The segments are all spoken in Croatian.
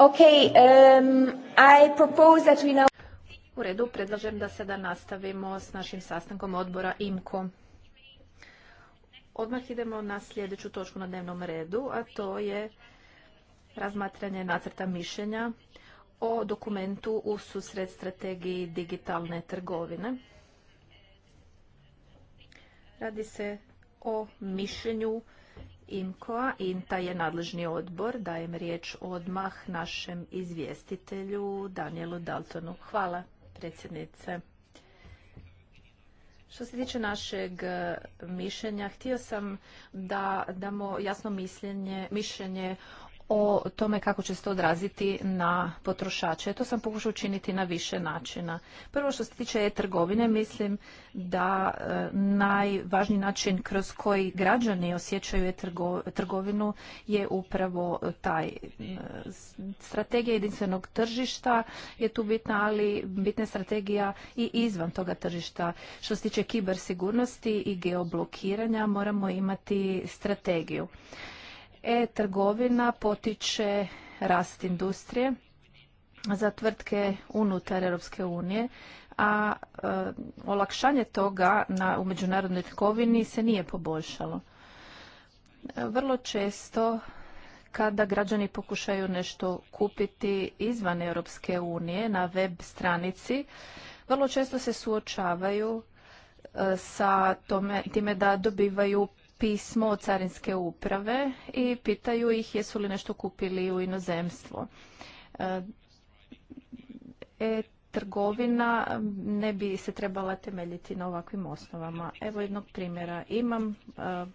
ok um, I propose U redu, predlažem da sada nastavimo s našim sastankom odbora IMKO. Odmah idemo na sljedeću točku na dnevnom redu, a to je razmatranje nacrta mišljenja o dokumentu u susret strategiji digitalne trgovine. Radi se o mišljenju IMKO-a. INTA je nadležni odbor. Dajem riječ odmah našem izvjestitelju Danielu Daltonu. Hvala, predsjednice. Što se tiče našeg e, mišljenja, htio sam da damo jasno mišljenje o tome kako će se to odraziti na potrošače. To sam pokušao učiniti na više načina. Prvo što se tiče e-trgovine, mislim da e, najvažniji način kroz koji građani osjećaju e-trgovinu je upravo taj. E, strategija jedinstvenog tržišta je tu bitna, ali bitna je strategija i izvan toga tržišta. Što se tiče kibersigurnosti i geoblokiranja, moramo imati strategiju. E-trgovina potiče rast industrije za tvrtke unutar Europske unije, a e, olakšanje toga na, u međunarodnoj trgovini se nije poboljšalo. E, vrlo često kada građani pokušaju nešto kupiti izvan Europske unije na web stranici, vrlo često se suočavaju e, sa time da dobivaju pismo od carinske uprave i pitaju ih jesu li nešto kupili u inozemstvo. E, e trgovina ne bi se trebala temeljiti na ovakvim osnovama. Evo jednog primjera. Imam e,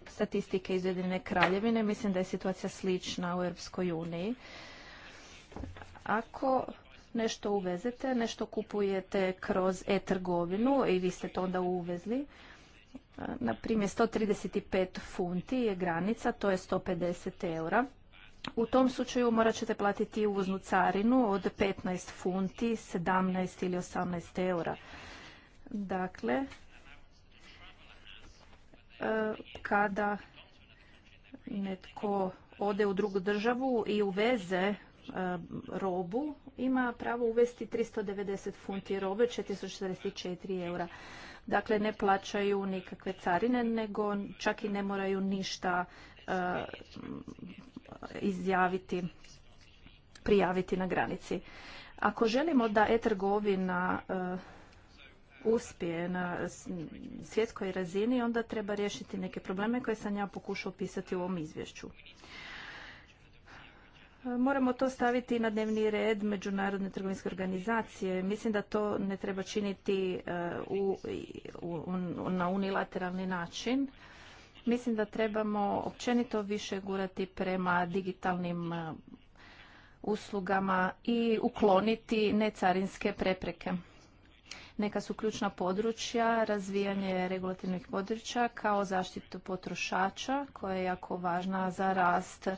statistike iz Ujedinjene kraljevine. Mislim da je situacija slična u Europskoj uniji. Ako nešto uvezete, nešto kupujete kroz e-trgovinu i vi ste to onda uvezli, na primjer 135 funti je granica, to je 150 eura. U tom slučaju morat ćete platiti uvoznu carinu od 15 funti, 17 ili 18 eura. Dakle, e, kada netko ode u drugu državu i uveze e, robu, ima pravo uvesti 390 funti robe, 444 eura. Dakle, ne plaćaju nikakve carine, nego čak i ne moraju ništa eh, izjaviti, prijaviti na granici. Ako želimo da e-trgovina eh, uspije na svjetskoj razini, onda treba riješiti neke probleme koje sam ja pokušao pisati u ovom izvješću. Moramo to staviti na dnevni red Međunarodne trgovinske organizacije. Mislim da to ne treba činiti e, u, na unilateralni način. Mislim da trebamo općenito više gurati prema digitalnim e, uslugama i ukloniti necarinske prepreke. Neka su ključna područja, razvijanje regulativnih područja kao zaštitu potrošača koja je jako važna za rast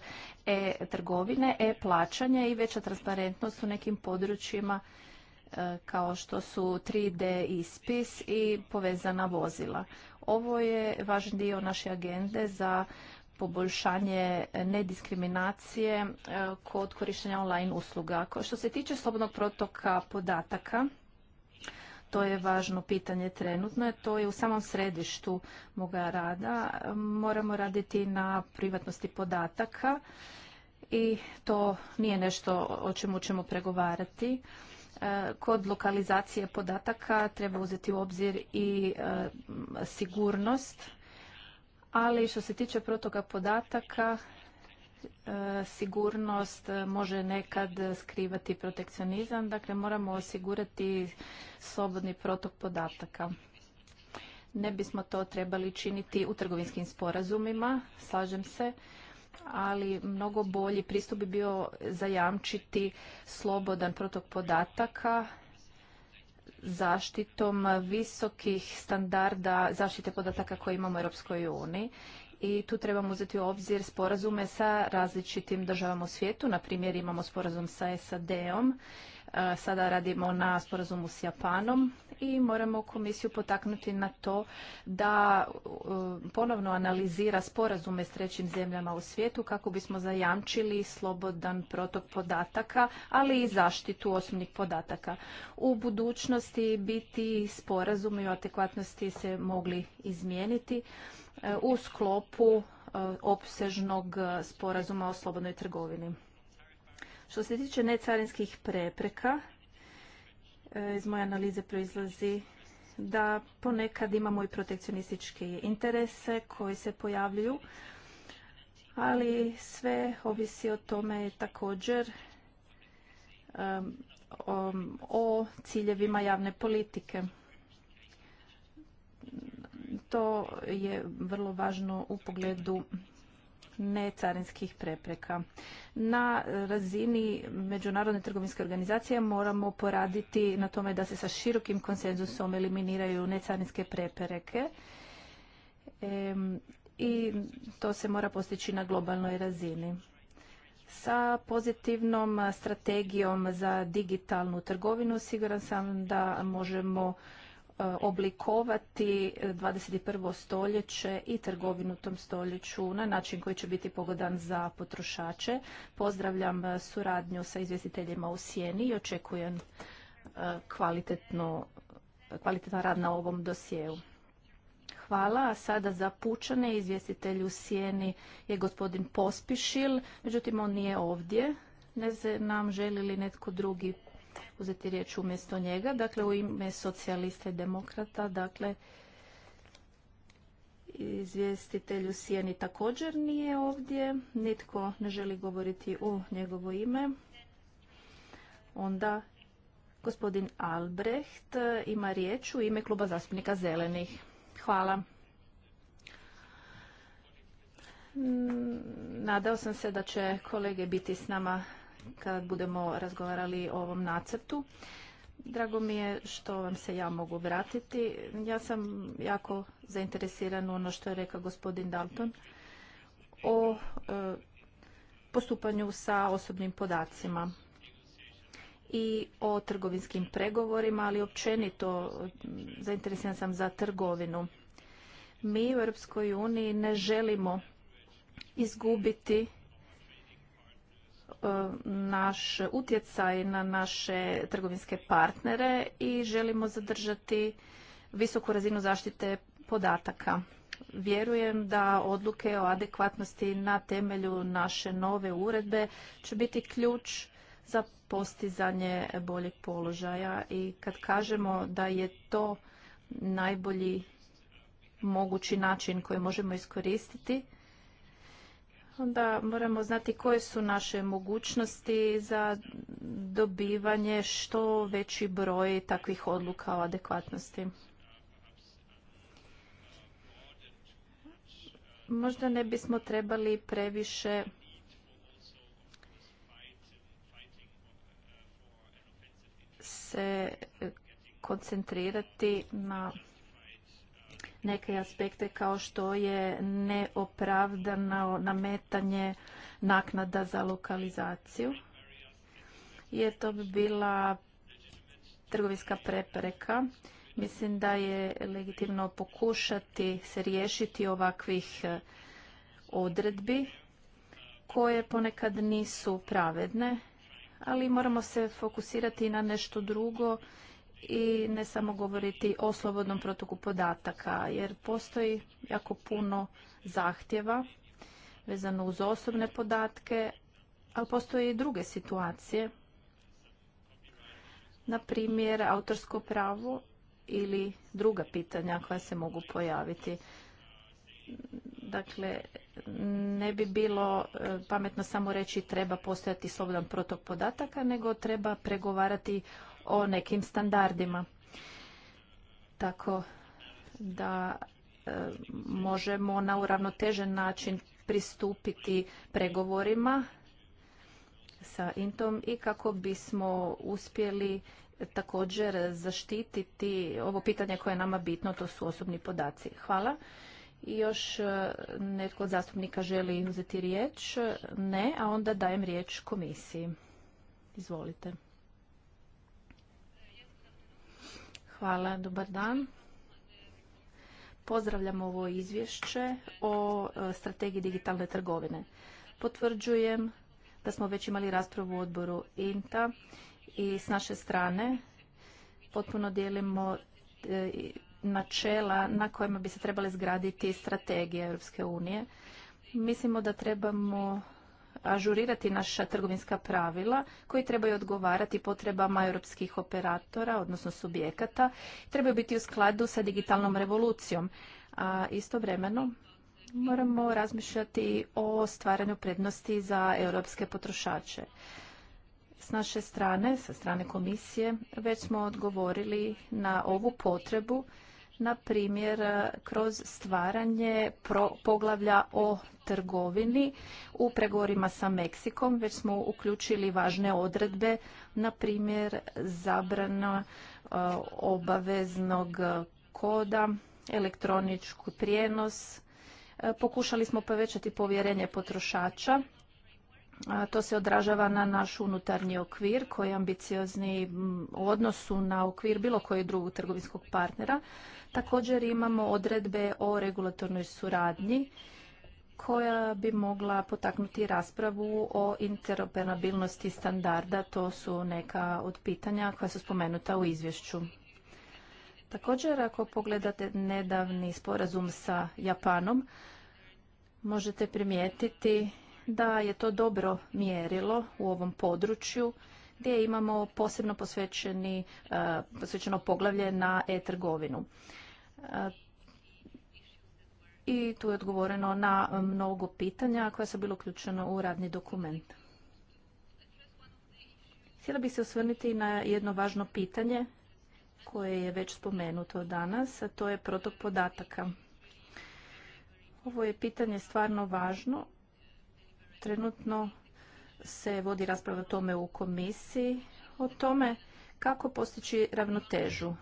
e-trgovine, e-plaćanje i veća transparentnost u nekim područjima e, kao što su 3D ispis i povezana vozila. Ovo je važan dio naše agende za poboljšanje nediskriminacije e, kod korištenja online usluga. Što se tiče slobodnog protoka podataka, to je važno pitanje trenutno, to je u samom središtu moga rada. Moramo raditi na privatnosti podataka i to nije nešto o čemu ćemo pregovarati. E, kod lokalizacije podataka treba uzeti u obzir i e, sigurnost, ali što se tiče protoka podataka E, sigurnost može nekad skrivati protekcionizam, dakle moramo osigurati slobodni protok podataka. Ne bismo to trebali činiti u trgovinskim sporazumima, slažem se, ali mnogo bolji pristup bi bio zajamčiti slobodan protok podataka zaštitom visokih standarda zaštite podataka koje imamo u Europskoj uniji i tu trebamo uzeti u obzir sporazume sa različitim državama u svijetu. Na primjer imamo sporazum sa SAD-om, e, sada radimo na sporazumu s Japanom i moramo komisiju potaknuti na to da e, ponovno analizira sporazume s trećim zemljama u svijetu kako bismo zajamčili slobodan protok podataka, ali i zaštitu osobnih podataka. U budućnosti biti sporazumi o adekvatnosti se mogli izmijeniti E, u sklopu e, opsežnog sporazuma o slobodnoj trgovini. Što se tiče necarinskih prepreka, e, iz moje analize proizlazi da ponekad imamo i protekcionističke interese koji se pojavljuju, ali sve ovisi o tome također o ciljevima javne politike. To je vrlo važno u pogledu necarinskih prepreka. Na razini Međunarodne trgovinske organizacije moramo poraditi na tome da se sa širokim konsenzusom eliminiraju necarinske prepreke i to se mora postići na globalnoj razini. Sa pozitivnom strategijom za digitalnu trgovinu siguran sam da možemo E, oblikovati 21. stoljeće i trgovinu u tom stoljeću na način koji će biti pogodan za potrošače. Pozdravljam e, suradnju sa izvjestiteljima u Sjeni i očekujem e, kvalitetno, kvalitetan rad na ovom dosjeu. Hvala. A sada za pučane izvjestitelj u Sjeni je gospodin Pospišil, međutim on nije ovdje. Ne znam želi li netko drugi uzeti riječ umjesto njega, dakle u ime socijalista i demokrata, dakle izvjestitelju u Sijeni također nije ovdje, nitko ne želi govoriti u njegovo ime. Onda gospodin Albrecht ima riječ u ime kluba zastupnika Zelenih. Hvala. Nadao sam se da će kolege biti s nama kad budemo razgovarali o ovom nacrtu. Drago mi je što vam se ja mogu vratiti. Ja sam jako zainteresiran u ono što je rekao gospodin Dalton o e, postupanju sa osobnim podacima i o trgovinskim pregovorima, ali općenito zainteresiran sam za trgovinu. Mi u Europskoj uniji ne želimo izgubiti E, naš utjecaj na naše trgovinske partnere i želimo zadržati visoku razinu zaštite podataka. Vjerujem da odluke o adekvatnosti na temelju naše nove uredbe će biti ključ za postizanje boljeg položaja i kad kažemo da je to najbolji mogući način koji možemo iskoristiti, onda moramo znati koje su naše mogućnosti za dobivanje što veći broj takvih odluka o adekvatnosti. Možda ne bismo trebali previše se koncentrirati na neke aspekte kao što je neopravdano nametanje naknada za lokalizaciju. Jer to bi bila trgovinska prepreka. Mislim da je legitimno pokušati se riješiti ovakvih e, odredbi koje ponekad nisu pravedne, ali moramo se fokusirati na nešto drugo i ne samo govoriti o slobodnom protoku podataka jer postoji jako puno zahtjeva vezano uz osobne podatke, ali postoje i druge situacije. Na primjer, autorsko pravo ili druga pitanja koja se mogu pojaviti. Dakle, ne bi bilo e, pametno samo reći treba postojati slobodan protok podataka, nego treba pregovarati o nekim standardima. Tako da e, možemo na uravnotežen način pristupiti pregovorima sa Intom i kako bismo uspjeli također zaštititi ovo pitanje koje je nama bitno, to su osobni podaci. Hvala. I još e, netko od zastupnika želi uzeti riječ? Ne, a onda dajem riječ komisiji. Izvolite. Hvala, dobar dan. Pozdravljam ovo izvješće o e, strategiji digitalne trgovine. Potvrđujem da smo već imali raspravu u odboru INTA i s naše strane potpuno dijelimo e, načela na kojima bi se trebali zgraditi strategije Europske unije. Mislimo da trebamo ažurirati naša trgovinska pravila koji trebaju odgovarati potrebama europskih operatora, odnosno subjekata, trebaju biti u skladu sa digitalnom revolucijom. A istovremeno moramo razmišljati o stvaranju prednosti za europske potrošače. S naše strane, sa strane komisije, već smo odgovorili na ovu potrebu na primjer kroz stvaranje poglavlja o trgovini u pregovorima sa Meksikom, već smo uključili važne odredbe, na primjer zabrana e, obaveznog koda, elektroničku prijenos. E, pokušali smo povećati povjerenje potrošača. To se odražava na naš unutarnji okvir koji je ambiciozni u odnosu na okvir bilo kojeg drugog trgovinskog partnera. Također imamo odredbe o regulatornoj suradnji koja bi mogla potaknuti raspravu o interoperabilnosti standarda. To su neka od pitanja koja su spomenuta u izvješću. Također, ako pogledate nedavni sporazum sa Japanom, možete primijetiti da je to dobro mjerilo u ovom području gdje imamo posebno eh, posvećeno poglavlje na e-trgovinu. Eh, i tu je odgovoreno na e, mnogo pitanja koja su bilo uključena u radni dokument. Htjela bih se osvrniti na jedno važno pitanje koje je već spomenuto danas, a to je protok podataka. Ovo je pitanje stvarno važno. Trenutno se vodi rasprava o tome u komisiji, o tome kako postići ravnotežu.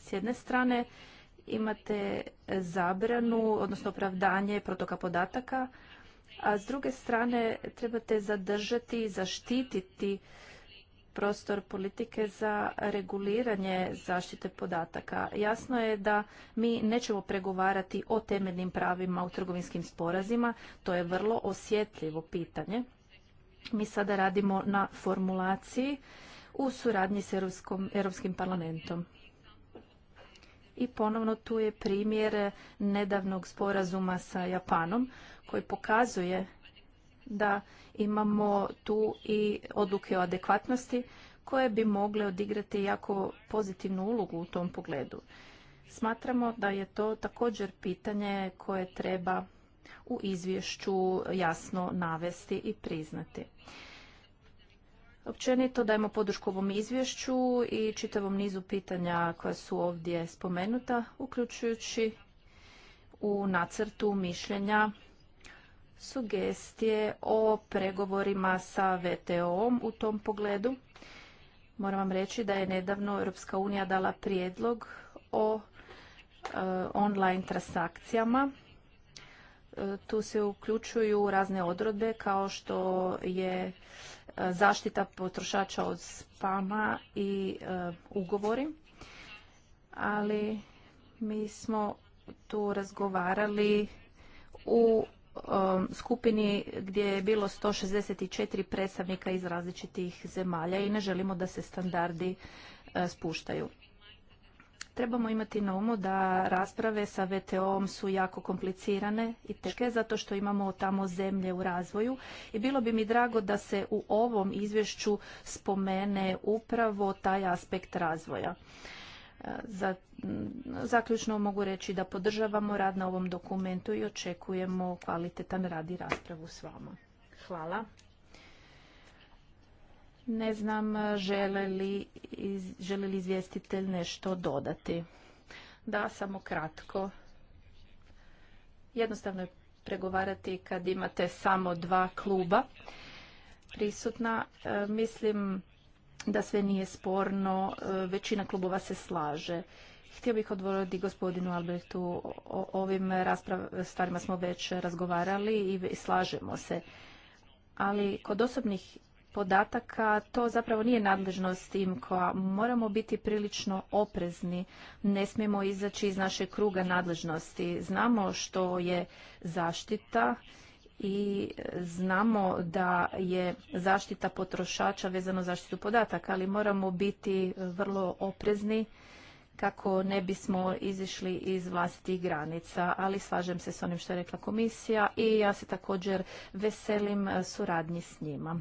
S jedne strane, imate zabranu, odnosno opravdanje protoka podataka, a s druge strane trebate zadržati, i zaštititi prostor politike za reguliranje zaštite podataka. Jasno je da mi nećemo pregovarati o temeljnim pravima u trgovinskim sporazima, to je vrlo osjetljivo pitanje. Mi sada radimo na formulaciji u suradnji s Europskim parlamentom i ponovno tu je primjer nedavnog sporazuma sa Japanom koji pokazuje da imamo tu i odluke o adekvatnosti koje bi mogle odigrati jako pozitivnu ulogu u tom pogledu. Smatramo da je to također pitanje koje treba u izvješću jasno navesti i priznati. Općenito dajemo podršku ovom izvješću i čitavom nizu pitanja koja su ovdje spomenuta, uključujući u nacrtu mišljenja sugestije o pregovorima sa VTO-om u tom pogledu. Moram vam reći da je nedavno Europska unija dala prijedlog o e, online transakcijama. E, tu se uključuju razne odredbe kao što je E, zaštita potrošača od spama i e, ugovori. Ali mi smo tu razgovarali u e, skupini gdje je bilo 164 predstavnika iz različitih zemalja i ne želimo da se standardi spuštaju. Trebamo imati na umu da rasprave sa VTO-om su jako komplicirane i teške zato što imamo tamo zemlje u razvoju i bilo bi mi drago da se u ovom izvješću spomene upravo taj aspekt razvoja. E, za, zaključno mogu reći da podržavamo rad na ovom dokumentu i očekujemo kvalitetan rad i raspravu s vama. Hvala. Ne znam e, žele li, želi li izvjestitelj nešto dodati. Da, samo kratko. Jednostavno je pregovarati kad imate samo dva kluba prisutna. E, mislim da sve nije sporno, e, većina klubova se slaže. Htio bih odvoriti gospodinu Albertu, o ovim rasprav, stvarima smo već razgovarali i slažemo se. Ali kod osobnih podataka, to zapravo nije nadležnost tim koja moramo biti prilično oprezni. Ne smijemo izaći iz naše kruga nadležnosti. Znamo što je zaštita i znamo da je zaštita potrošača vezano zaštitu podataka, ali moramo biti vrlo oprezni kako ne bismo izišli iz vlastitih granica, ali slažem se s onim što je rekla komisija i ja se također veselim suradnji s njima.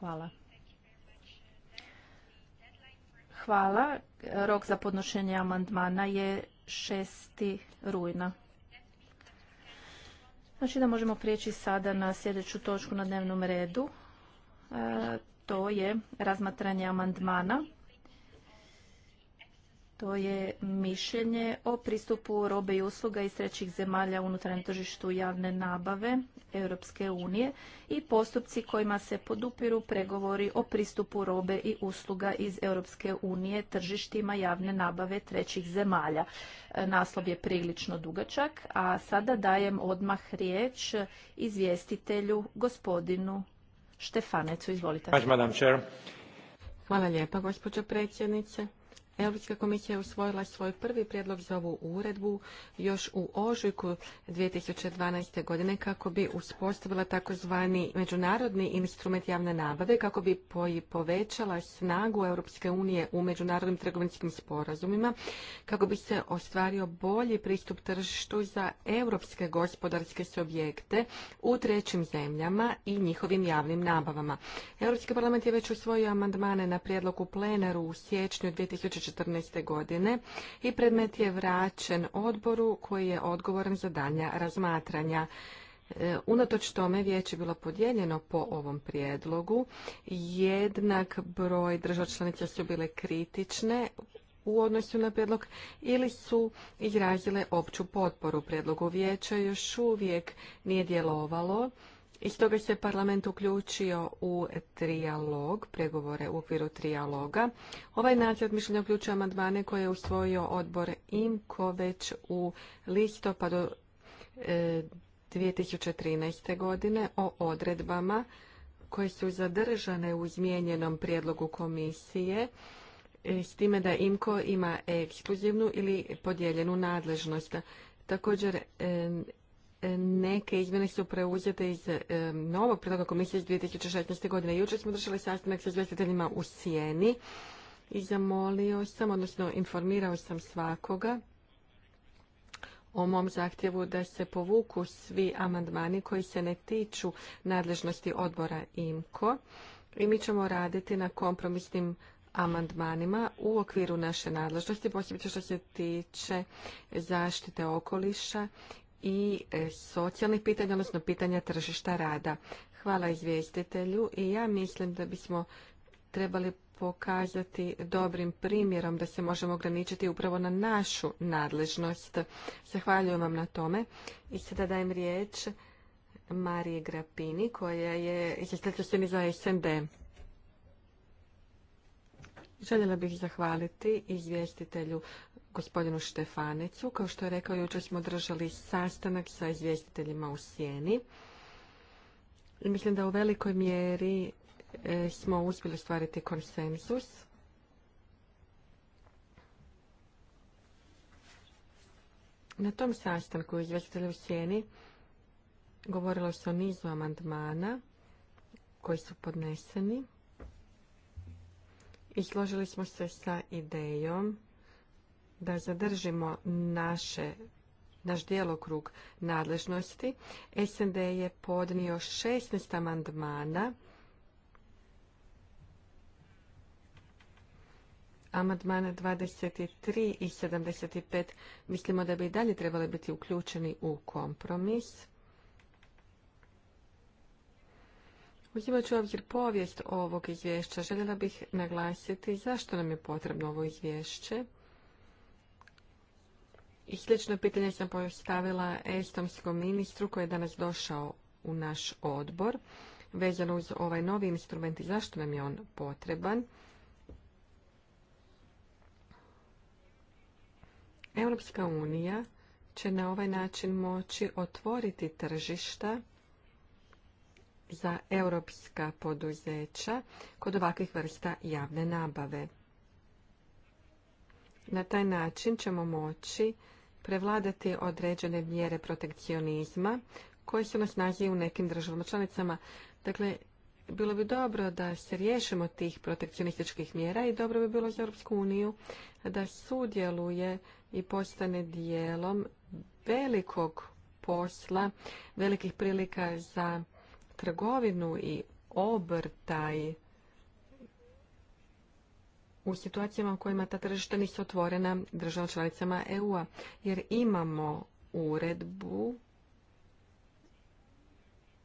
Hvala. Hvala. Rok za podnošenje amandmana je 6. rujna. Znači da možemo prijeći sada na sljedeću točku na dnevnom redu. to je razmatranje amandmana to je mišljenje o pristupu robe i usluga iz trećih zemalja unutarnjem tržištu javne nabave Europske unije i postupci kojima se podupiru pregovori o pristupu robe i usluga iz Europske unije tržištima javne nabave trećih zemalja. E, naslov je prilično dugačak, a sada dajem odmah riječ izvjestitelju gospodinu Štefanecu. Izvolite. Hvala lijepa, gospođo predsjednice. Europska komisija je usvojila svoj prvi prijedlog za ovu uredbu još u ožujku 2012. godine kako bi uspostavila takozvani međunarodni instrument javne nabave kako bi povećala snagu Europske unije u međunarodnim trgovinskim sporazumima kako bi se ostvario bolji pristup tržištu za europske gospodarske subjekte u trećim zemljama i njihovim javnim nabavama. Europski parlament je već usvojio amandmane na prijedlog u plenaru u siječnju 2014 2014. godine i predmet je vraćen odboru koji je odgovoran za dalja razmatranja. E, unatoč tome vijeće je bilo podijeljeno po ovom prijedlogu. Jednak broj država članica su bile kritične u odnosu na prijedlog ili su izrazile opću potporu prijedlogu vijeća. Još uvijek nije djelovalo i stoga se parlament uključio u trijalog, pregovore u okviru trijaloga. Ovaj nacrt mišljenja uključuje amandmane koje je usvojio odbor IMKO već u listopadu 2013. E, godine o odredbama koje su zadržane u izmijenjenom prijedlogu komisije e, s time da IMKO ima ekskluzivnu ili podijeljenu nadležnost. Također e, Neke izmjene su preuzete iz e, novog predloga komisije iz 2016. godine. Jučer smo držali sastanak sa izvjestiteljima u Sijeni i zamolio sam, odnosno informirao sam svakoga o mom zahtjevu da se povuku svi amandmani koji se ne tiču nadležnosti odbora IMKO i mi ćemo raditi na kompromisnim amandmanima u okviru naše nadležnosti, posebice što se tiče zaštite okoliša i e, socijalnih pitanja, odnosno pitanja tržišta rada. Hvala izvjestitelju i ja mislim da bismo trebali pokazati dobrim primjerom da se možemo ograničiti upravo na našu nadležnost. Zahvaljujem vam na tome i sada dajem riječ Marije Grapini koja je izvjestitelj za SND. Željela bih zahvaliti izvjestitelju gospodinu Štefanecu. Kao što je rekao, jučer smo držali sastanak sa izvjestiteljima u Sjeni. I mislim da u velikoj mjeri e, smo uspjeli stvariti konsenzus. Na tom sastanku izvjestitelja u Sjeni govorilo se o nizu amandmana koji su podneseni i složili smo se sa idejom da zadržimo naše naš djelokrug nadležnosti. SND je podnio 16 amandmana. Amandmana 23 i 75 mislimo da bi i dalje trebali biti uključeni u kompromis. Uzimajući obzir povijest ovog izvješća, željela bih naglasiti zašto nam je potrebno ovo izvješće. I slično pitanje sam postavila estonskom ministru koji je danas došao u naš odbor vezano uz ovaj novi instrument i zašto nam je on potreban. Europska unija će na ovaj način moći otvoriti tržišta za europska poduzeća kod ovakvih vrsta javne nabave. Na taj način ćemo moći prevladati određene mjere protekcionizma koje su na snazi u nekim državama članicama. Dakle, bilo bi dobro da se riješimo tih protekcionističkih mjera i dobro bi bilo za Europsku uniju da sudjeluje i postane dijelom velikog posla, velikih prilika za trgovinu i obrtaj u situacijama u kojima ta tržišta nisu otvorena država članicama EU-a. Jer imamo uredbu,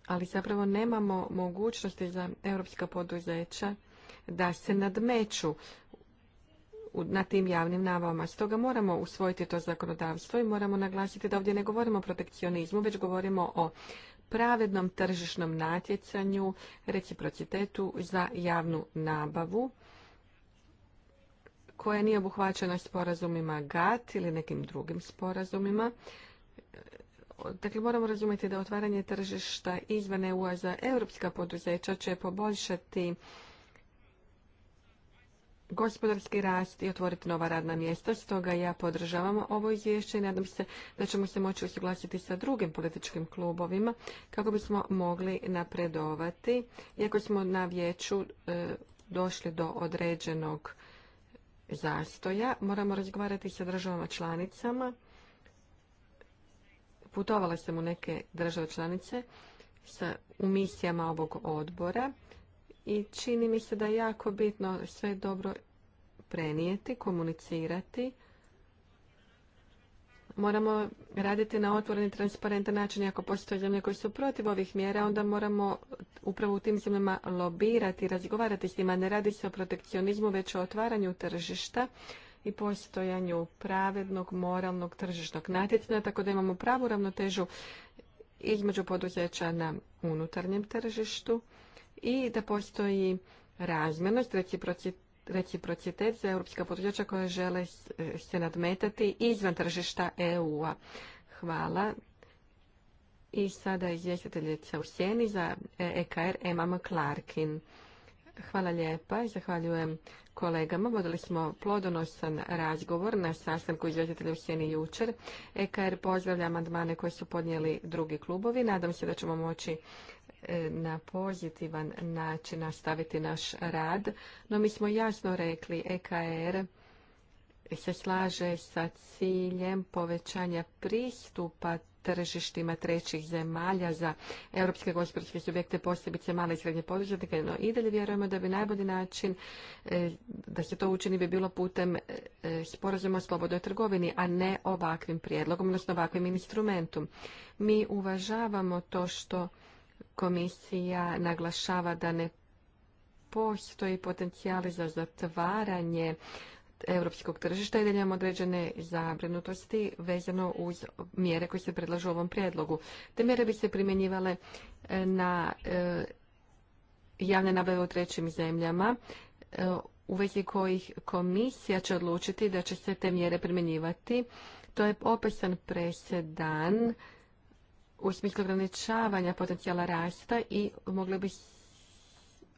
ali zapravo nemamo mogućnosti za europska poduzeća da se nadmeću na tim javnim nabavama. Stoga moramo usvojiti to zakonodavstvo i moramo naglasiti da ovdje ne govorimo o protekcionizmu, već govorimo o pravednom tržišnom natjecanju, reciprocitetu za javnu nabavu koja nije obuhvaćena sporazumima GATT ili nekim drugim sporazumima. Dakle, moramo razumjeti da otvaranje tržišta izvan EU za europska poduzeća će poboljšati gospodarski rast i otvoriti nova radna mjesta. Stoga ja podržavam ovo izvješće i nadam se da ćemo se moći usuglasiti sa drugim političkim klubovima kako bismo mogli napredovati. Iako smo na vijeću e, došli do određenog zastoja. Moramo razgovarati sa državama članicama. Putovala sam u neke države članice sa, u misijama ovog odbora i čini mi se da je jako bitno sve dobro prenijeti, komunicirati moramo raditi na otvoren i transparentan način. Ako postoje zemlje koje su protiv ovih mjera, onda moramo upravo u tim zemljama lobirati, razgovarati s njima. Ne radi se o protekcionizmu, već o otvaranju tržišta i postojanju pravednog, moralnog tržišnog natjecanja, tako da imamo pravu ravnotežu između poduzeća na unutarnjem tržištu i da postoji razmjernost, reciprocitet reciprocitet za europska poduzeća koja žele eh, se nadmetati izvan tržišta EU-a. Hvala. I sada izvjestiteljica u sjeni za EKR eh, e Emma McClarkin. Hvala lijepa i zahvaljujem kolegama. Vodili smo plodonosan razgovor na sastanku izvjestitelja u sjeni jučer. EKR pozdravlja amandmane koje su podnijeli drugi klubovi. Nadam se da ćemo moći na pozitivan način nastaviti naš rad, no mi smo jasno rekli EKR se slaže sa ciljem povećanja pristupa tržištima trećih zemalja za europske gospodarske subjekte, posebice male i srednje poduzetnike, no i dalje vjerujemo da bi najbolji način e, da se to učini bi bilo putem e, sporazuma o slobodnoj trgovini, a ne ovakvim prijedlogom, odnosno ovakvim instrumentom. Mi uvažavamo to što komisija naglašava da ne postoji potencijali za zatvaranje europskog tržišta i da određene zabrinutosti vezano uz mjere koje se predlažu u ovom prijedlogu. Te mjere bi se primjenjivale e, na e, javne nabave u trećim zemljama e, u vezi kojih komisija će odlučiti da će se te mjere primjenjivati. To je opisan presedan u smislu ograničavanja potencijala rasta i mogli bi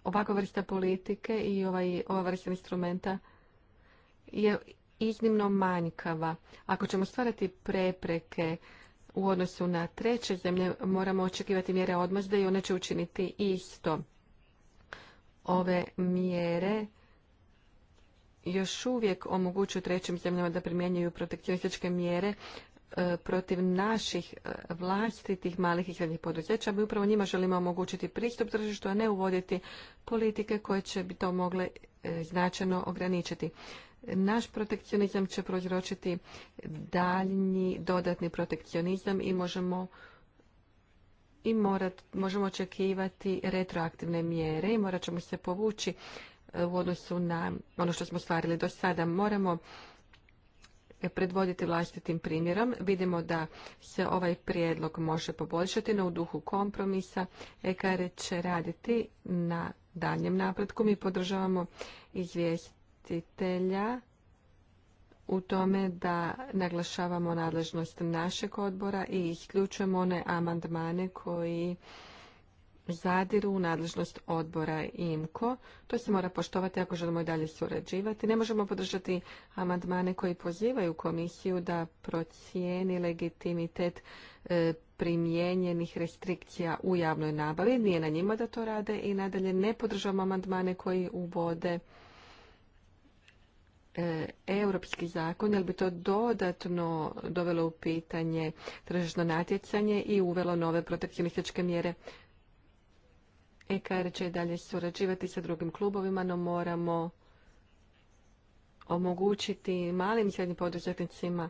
ovakva vrsta politike i ovaj, ova vrsta instrumenta je iznimno manjkava. Ako ćemo stvarati prepreke u odnosu na treće zemlje, moramo očekivati mjere odmazde i one će učiniti isto. Ove mjere još uvijek omogućuju trećim zemljama da primjenjuju protekcionističke mjere E, protiv naših e, vlastitih malih i srednjih poduzeća. Mi upravo njima želimo omogućiti pristup tržištu, a ne uvoditi politike koje će bi to mogle e, značajno ograničiti. Naš protekcionizam će prouzročiti daljnji dodatni protekcionizam i možemo i morat, možemo očekivati retroaktivne mjere i morat ćemo se povući u odnosu na ono što smo stvarili do sada. Moramo predvoditi vlastitim primjerom. Vidimo da se ovaj prijedlog može poboljšati, no u duhu kompromisa EKR će raditi na daljem napretku. Mi podržavamo izvjestitelja u tome da naglašavamo nadležnost našeg odbora i isključujemo one amandmane koji zadiru u nadležnost odbora IMKO. To se mora poštovati ako želimo i dalje surađivati. Ne možemo podržati amandmane koji pozivaju komisiju da procijeni legitimitet e, primijenjenih restrikcija u javnoj nabavi. Nije na njima da to rade i nadalje ne podržavamo amandmane koji uvode e, europski zakon, jer bi to dodatno dovelo u pitanje tržišno natjecanje i uvelo nove protekcionističke mjere EKR će i dalje surađivati sa drugim klubovima, no moramo omogućiti malim i srednjim poduzetnicima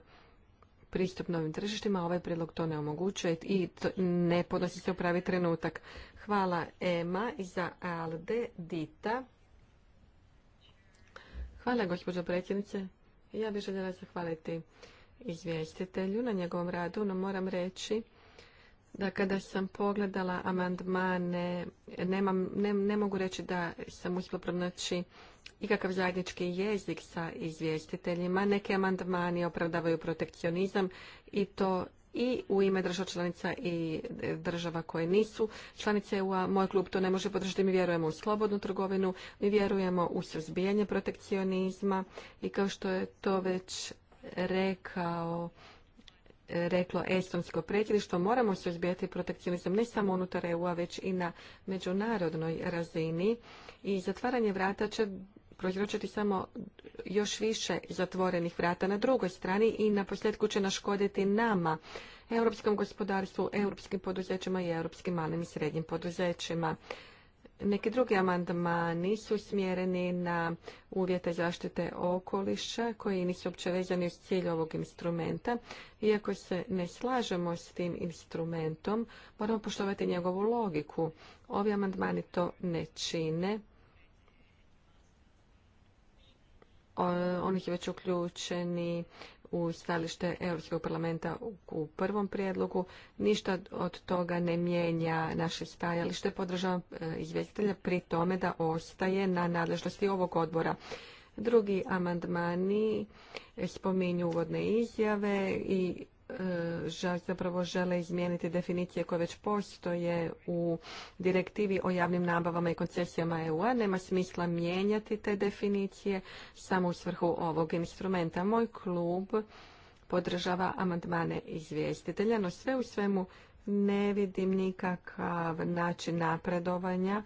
pristup novim tržištima. Ovaj prijedlog to ne omogućuje i ne podnosi se u pravi trenutak. Hvala Ema i za Alde Dita. Hvala gospođo predsjednice. Ja bih željela zahvaliti izvjestitelju na njegovom radu, no moram reći da kada sam pogledala amandmane, nemam, ne, mogu reći da sam uspjela pronaći ikakav zajednički jezik sa izvjestiteljima. Neki amandmani opravdavaju protekcionizam i to i u ime država članica i država koje nisu članice u Moj klub to ne može podržati. Mi vjerujemo u slobodnu trgovinu, mi vjerujemo u suzbijanje protekcionizma i kao što je to već rekao reklo estonsko predsjedništvo, moramo se suzbijati protekcionizam ne samo unutar EU-a, već i na međunarodnoj razini. I zatvaranje vrata će proizročiti samo još više zatvorenih vrata na drugoj strani i na posljedku će naškoditi nama, europskom gospodarstvu, europskim poduzećima i europskim malim i srednjim poduzećima. Neki drugi amandmani su smjereni na uvjete zaštite okoliša koji nisu uopće vezani uz cilj ovog instrumenta. Iako se ne slažemo s tim instrumentom, moramo poštovati njegovu logiku. Ovi amandmani to ne čine. Oni su već uključeni u stajalište Europskog parlamenta u prvom prijedlogu. Ništa od toga ne mijenja naše stajalište. Podržavam e, izvjestitelja pri tome da ostaje na nadležnosti ovog odbora. Drugi amandmani spominju uvodne izjave i E, zapravo žele izmijeniti definicije koje već postoje u direktivi o javnim nabavama i koncesijama EU-a. Nema smisla mijenjati te definicije samo u svrhu ovog instrumenta. Moj klub podržava amandmane izvjestitelja, no sve u svemu ne vidim nikakav način napredovanja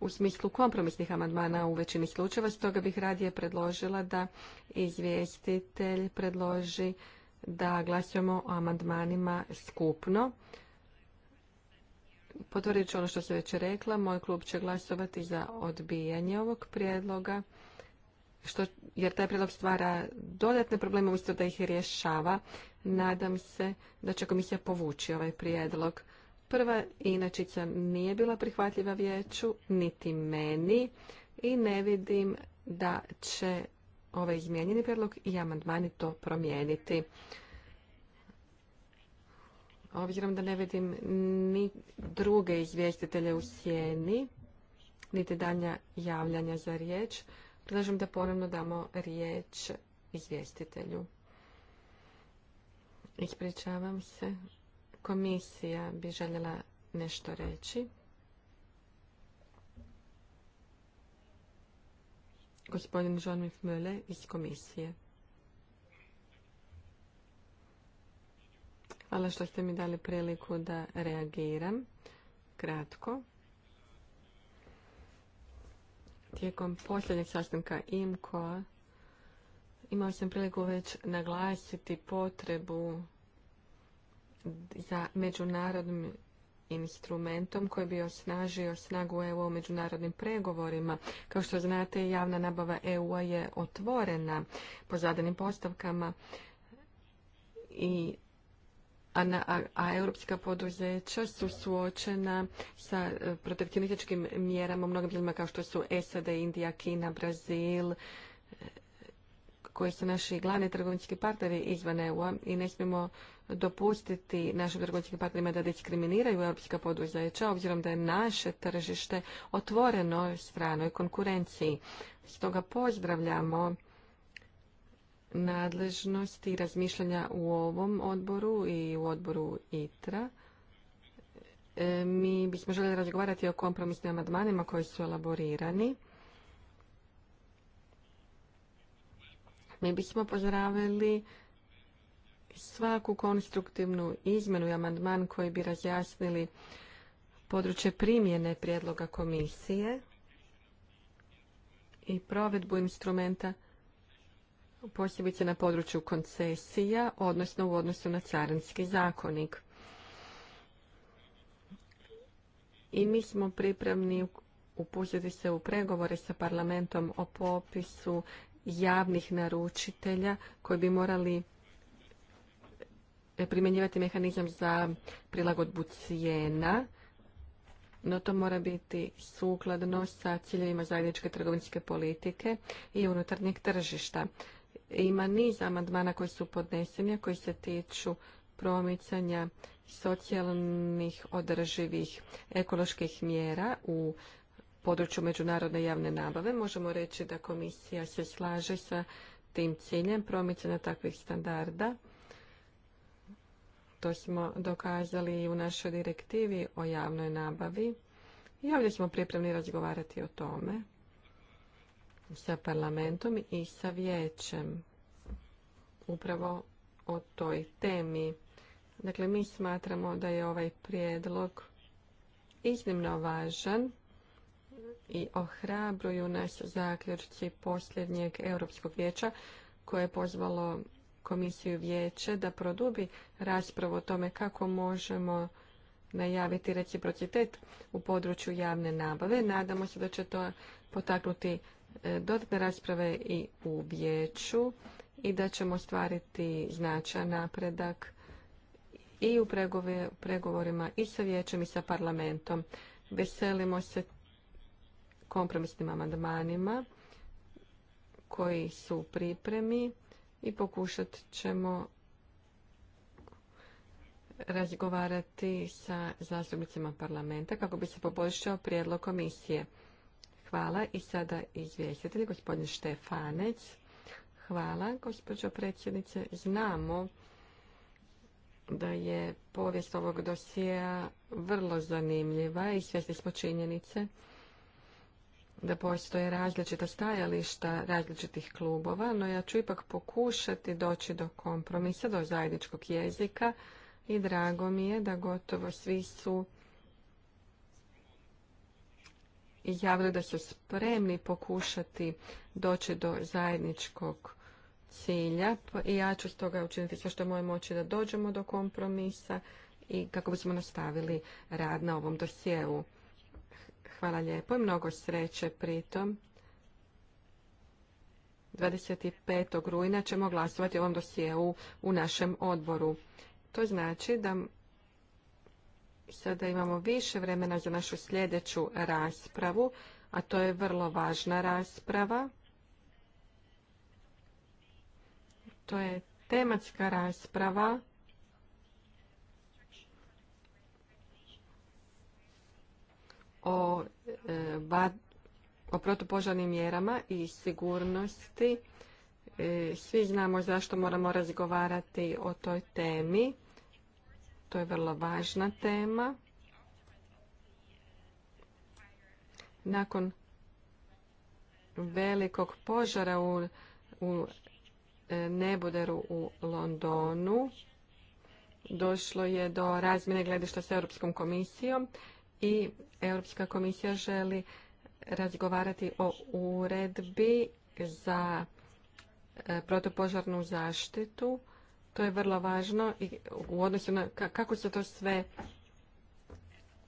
u smislu kompromisnih amandmana u većini slučajeva, stoga bih radije predložila da izvjestitelj predloži da glasujemo o amandmanima skupno. Potvrdit ću ono što sam već rekla. Moj klub će glasovati za odbijanje ovog prijedloga, što, jer taj prijedlog stvara dodatne probleme umjesto da ih rješava. Nadam se da će komisija povući ovaj prijedlog. Prva inačica nije bila prihvatljiva vijeću, niti meni, i ne vidim da će ovaj izmijenjeni prijedlog i amandmani to promijeniti. Obzirom da ne vidim ni druge izvjestitelje u sjeni, niti danja javljanja za riječ, predlažem da ponovno damo riječ izvjestitelju. Ispričavam se. Komisija bi željela nešto reći. gospodin Jean-Mif iz komisije. Hvala što ste mi dali priliku da reagiram kratko. Tijekom posljednjeg sastanka IMCO imao sam priliku već naglasiti potrebu za međunarodnim instrumentom koji bi osnažio snagu EU u međunarodnim pregovorima. Kao što znate, javna nabava EU-a je otvorena po zadanim postavkama i a, a, europska poduzeća su suočena sa e, protekcionističkim mjerama u mnogim zemljama kao što su SAD, Indija, Kina, Brazil, koje su naši glavni trgovinski partneri izvan EU-a i ne smijemo dopustiti našim trgovinskim partnerima da diskriminiraju europska poduzeća, obzirom da je naše tržište otvoreno stranoj konkurenciji. Stoga pozdravljamo nadležnosti i razmišljanja u ovom odboru i u odboru ITRA. E, mi bismo željeli razgovarati o kompromisnim amandmanima koji su elaborirani. Mi bismo pozdravili svaku konstruktivnu izmenu i amandman koji bi razjasnili područje primjene prijedloga komisije i provedbu instrumenta posebice na području koncesija, odnosno u odnosu na carinski zakonik. I mi smo pripremni upustiti se u pregovore sa parlamentom o popisu javnih naručitelja koji bi morali eh, primjenjivati mehanizam za prilagodbu cijena, no to mora biti sukladno sa ciljevima zajedničke trgovinske politike i unutarnjeg tržišta. Ima niz amandmana koji su podneseni, a koji se tiču promicanja socijalnih održivih ekoloških mjera u području međunarodne javne nabave. Možemo reći da komisija se slaže sa tim ciljem promicanja takvih standarda. To smo dokazali i u našoj direktivi o javnoj nabavi. I ovdje smo pripremni razgovarati o tome sa parlamentom i sa vijećem. Upravo o toj temi. Dakle, mi smatramo da je ovaj prijedlog iznimno važan i ohrabruju nas zaključci posljednjeg Europskog vijeća koje je pozvalo komisiju vijeće da produbi raspravu o tome kako možemo najaviti reciprocitet u području javne nabave. Nadamo se da će to potaknuti e, dodatne rasprave i u vijeću i da ćemo stvariti značajan napredak i u pregovorima i sa vijećem i sa parlamentom. Veselimo se kompromisnim amandmanima koji su u pripremi i pokušat ćemo razgovarati sa zastupnicima parlamenta kako bi se poboljšao prijedlog komisije. Hvala i sada izvjestitelj, gospodin Štefanec. Hvala, gospođo predsjednice. Znamo da je povijest ovog dosija vrlo zanimljiva i svjesni smo činjenice da postoje različita stajališta različitih klubova, no ja ću ipak pokušati doći do kompromisa, do zajedničkog jezika i drago mi je da gotovo svi su javili da su spremni pokušati doći do zajedničkog cilja pa i ja ću stoga učiniti sve što je moje moći da dođemo do kompromisa i kako bismo nastavili rad na ovom dosjeu. Hvala lijepo i mnogo sreće pritom. 25. rujna ćemo glasovati o ovom dosjeu u našem odboru. To znači da sada imamo više vremena za našu sljedeću raspravu, a to je vrlo važna rasprava. To je tematska rasprava o, e, o protupožarnim mjerama i sigurnosti. E, svi znamo zašto moramo razgovarati o toj temi. To je vrlo važna tema. Nakon velikog požara u, u e, Nebuderu u Londonu došlo je do razmjene gledišta s Europskom komisijom i Europska komisija želi razgovarati o uredbi za e, protopožarnu zaštitu. To je vrlo važno i u odnosu na kako se to sve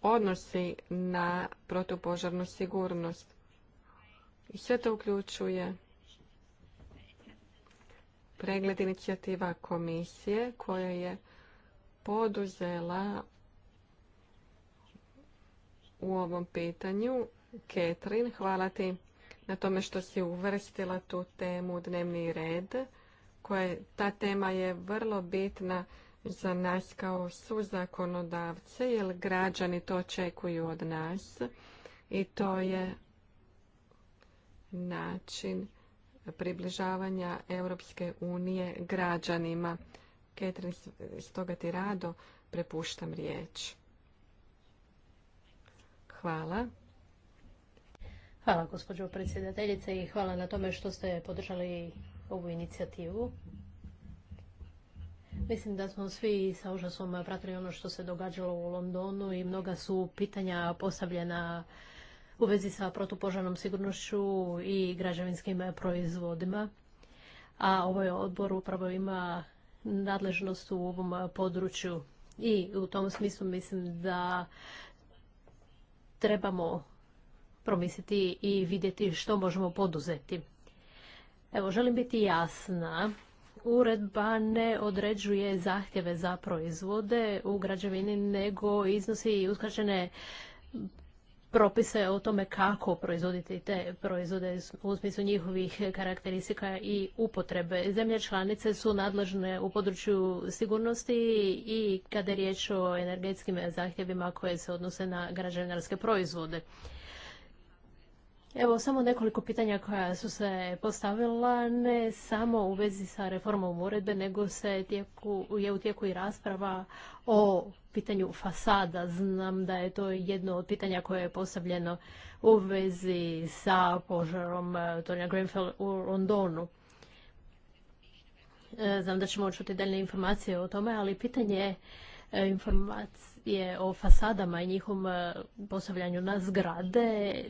odnosi na protupožarnu sigurnost. I sve to uključuje pregled inicijativa komisije koja je poduzela u ovom pitanju. Ketrin, hvala ti na tome što si uvrstila tu temu u dnevni red. Koje, ta tema je vrlo bitna za nas kao suzakonodavce, jer građani to očekuju od nas i to je način približavanja Europske unije građanima. Ketrin, stoga ti rado prepuštam riječ. Hvala. Hvala gospođo predsjedateljice i hvala na tome što ste podržali ovu inicijativu. Mislim da smo svi sa užasom pratili ono što se događalo u Londonu i mnoga su pitanja postavljena u vezi sa protupožarnom sigurnošću i građevinskim proizvodima. A ovaj odbor upravo ima nadležnost u ovom području. I u tom smislu mislim da trebamo promisliti i vidjeti što možemo poduzeti. Evo, želim biti jasna. Uredba ne određuje zahtjeve za proizvode u građevini, nego iznosi i uskraćene propise o tome kako proizvoditi te proizvode u smislu njihovih karakteristika i upotrebe. Zemlje članice su nadležne u području sigurnosti i kada je riječ o energetskim zahtjevima koje se odnose na građevinarske proizvode. Evo samo nekoliko pitanja koja su se postavila ne samo u vezi sa reformom uredbe, nego se je u tijeku i rasprava o pitanju fasada. Znam da je to jedno od pitanja koje je postavljeno u vezi sa požarom eh, Tonja Grenfell u Londonu. Eh, znam da ćemo čuti dalje informacije o tome, ali pitanje eh, informacije o fasadama i njihom postavljanju na zgrade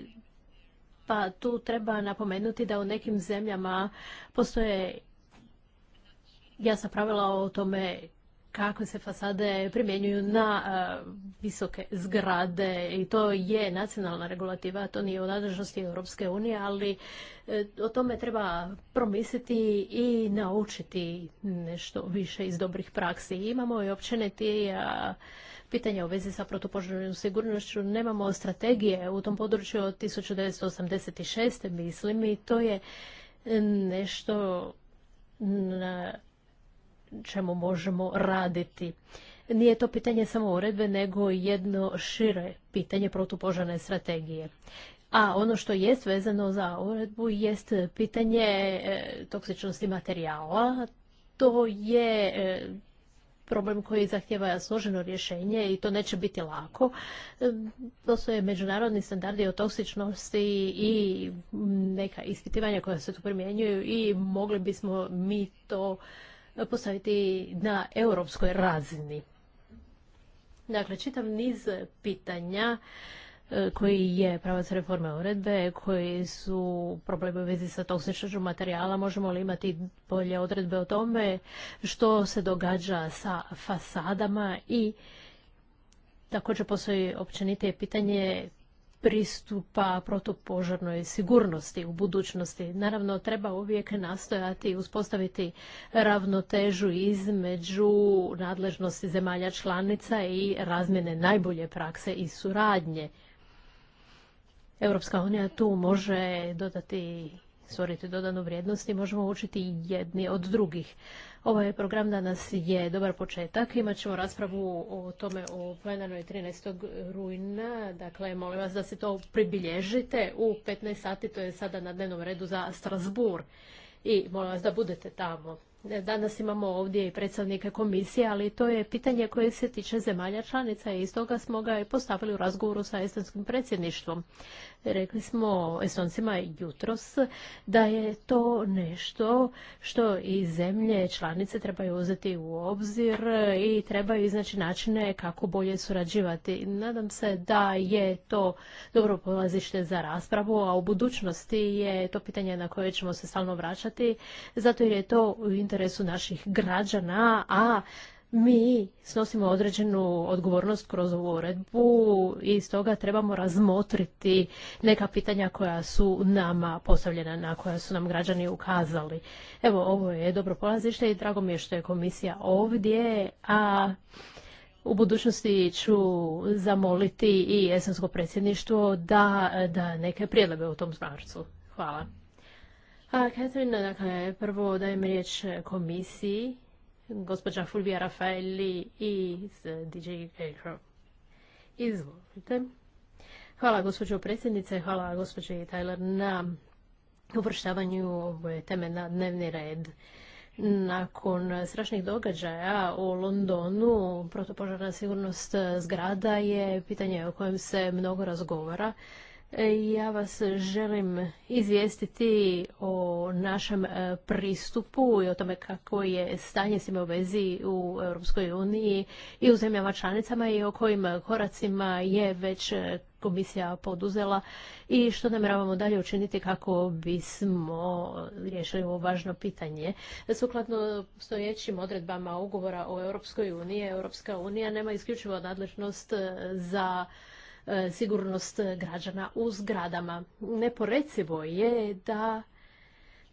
pa tu treba napomenuti da u nekim zemljama postoje jasna pravila o tome kako se fasade primjenjuju na e, visoke zgrade i to je nacionalna regulativa, to nije u nadležnosti Europske unije, ali e, o tome treba promisliti i naučiti nešto više iz dobrih praksi. Imamo i ti e, pitanja u vezi sa protupožarnom sigurnošću. Nemamo strategije u tom području od 1986. mislim i to je nešto na čemu možemo raditi. Nije to pitanje samo uredbe, nego jedno šire pitanje protupožarne strategije. A ono što je vezano za uredbu jest pitanje e, toksičnosti materijala. To je e, problem koji zahtjeva složeno rješenje i to neće biti lako. E, je međunarodni standardi o toksičnosti i neka ispitivanja koja se tu primjenjuju i mogli bismo mi to postaviti na europskoj razini. Dakle, čitav niz pitanja e, koji je pravac reforme uredbe, koji su problemi u vezi sa toksičnošću materijala, možemo li imati bolje odredbe o tome što se događa sa fasadama i također postoji općenitije pitanje pristupa protupožarnoj sigurnosti u budućnosti. Naravno, treba uvijek nastojati uspostaviti ravnotežu između nadležnosti zemalja članica i razmjene najbolje prakse i suradnje. Europska unija tu može dodati stvoriti dodanu vrijednost i možemo učiti jedni od drugih. Ovaj program danas je dobar početak. Imat ćemo raspravu o tome o plenarnoj 13. rujna. Dakle, molim vas da se to pribilježite u 15 sati. To je sada na dnevnom redu za Strasbourg. I molim vas da budete tamo. Danas imamo ovdje i predstavnike komisije, ali to je pitanje koje se tiče zemalja članica i toga smo ga i postavili u razgovoru sa estonskim predsjedništvom rekli smo Estoncima jutros da je to nešto što i zemlje članice trebaju uzeti u obzir i trebaju iznaći načine kako bolje surađivati. Nadam se da je to dobro polazište za raspravu, a u budućnosti je to pitanje na koje ćemo se stalno vraćati, zato jer je to u interesu naših građana, a mi snosimo određenu odgovornost kroz ovu uredbu i stoga trebamo razmotriti neka pitanja koja su nama postavljena, na koja su nam građani ukazali. Evo, ovo je dobro polazište i drago mi je što je komisija ovdje, a u budućnosti ću zamoliti i esensko predsjedništvo da, da neke prijedloge u tom smarcu. Hvala. A dakle, prvo dajem riječ komisiji gospođa Fulvija Rafaeli i DJ Echo. Izvolite. Hvala gospođo predsjednice, hvala gospođi Tyler na uvrštavanju ove teme na dnevni red. Nakon strašnih događaja u Londonu, protopožarna sigurnost zgrada je pitanje o kojem se mnogo razgovara. Ja vas želim izvijestiti o našem e, pristupu i o tome kako je stanje s u vezi u Europskoj uniji i u zemljama članicama i o kojim koracima je već e, komisija poduzela i što namjeravamo dalje učiniti kako bismo riješili ovo važno pitanje. Sukladno stojećim odredbama ugovora o Europskoj uniji, Europska unija nema isključivo nadležnost e, za E, sigurnost građana u zgradama. Neporecivo je da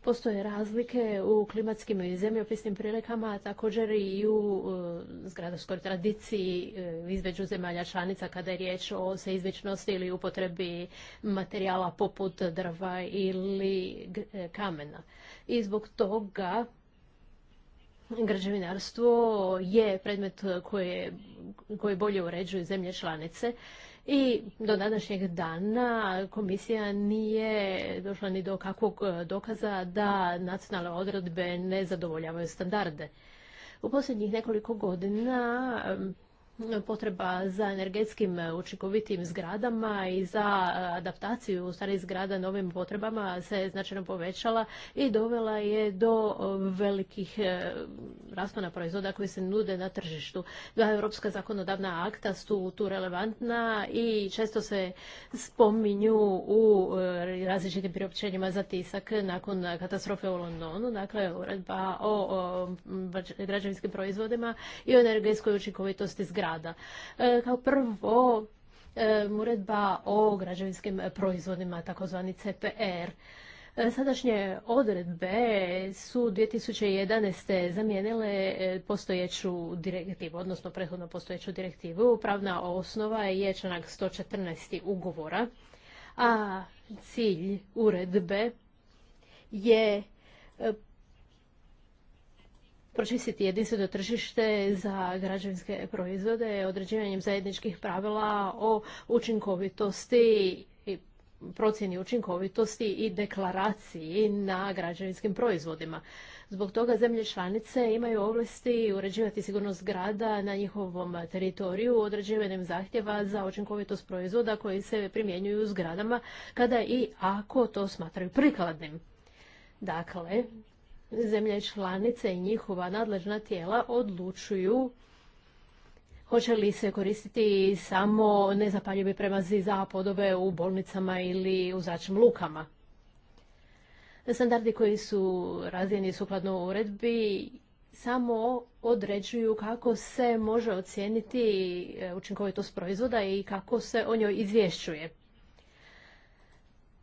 Postoje razlike u klimatskim i zemljopisnim prilikama, a također i u e, zgradarskoj tradiciji e, između zemalja članica kada je riječ o seizmičnosti ili upotrebi materijala poput drva ili kamena. I zbog toga građevinarstvo je predmet koji bolje uređuju zemlje članice i do današnjeg dana komisija nije došla ni do kakvog e, dokaza da nacionalne odredbe ne zadovoljavaju standarde. U posljednjih nekoliko godina potreba za energetskim učinkovitim zgradama i za adaptaciju starih zgrada novim potrebama se značajno povećala i dovela je do velikih e, raspona proizvoda koji se nude na tržištu. Dva europska zakonodavna akta su tu relevantna i često se spominju u e, različitim priopćenjima za tisak nakon katastrofe u Londonu, dakle uredba o građevinskim proizvodima i o energetskoj učinkovitosti zgrada rada. E, kao prvo, e, uredba o građevinskim proizvodima, takozvani CPR. E, sadašnje odredbe su 2011. zamijenile postojeću direktivu, odnosno prethodno postojeću direktivu. Pravna osnova je članak 114. ugovora, a cilj uredbe je pročistiti jedinstveno tržište za građevinske proizvode određivanjem zajedničkih pravila o učinkovitosti i procjeni učinkovitosti i deklaraciji na građevinskim proizvodima. Zbog toga zemlje članice imaju ovlasti uređivati sigurnost grada na njihovom teritoriju određivanjem zahtjeva za učinkovitost proizvoda koji se primjenjuju u zgradama kada i ako to smatraju prikladnim. Dakle, zemlje članice i njihova nadležna tijela odlučuju hoće li se koristiti samo nezapaljivi premazi za podove u bolnicama ili u zračnim lukama. Standardi koji su razvijeni sukladno uredbi samo određuju kako se može ocijeniti e, učinkovitost proizvoda i kako se o njoj izvješćuje.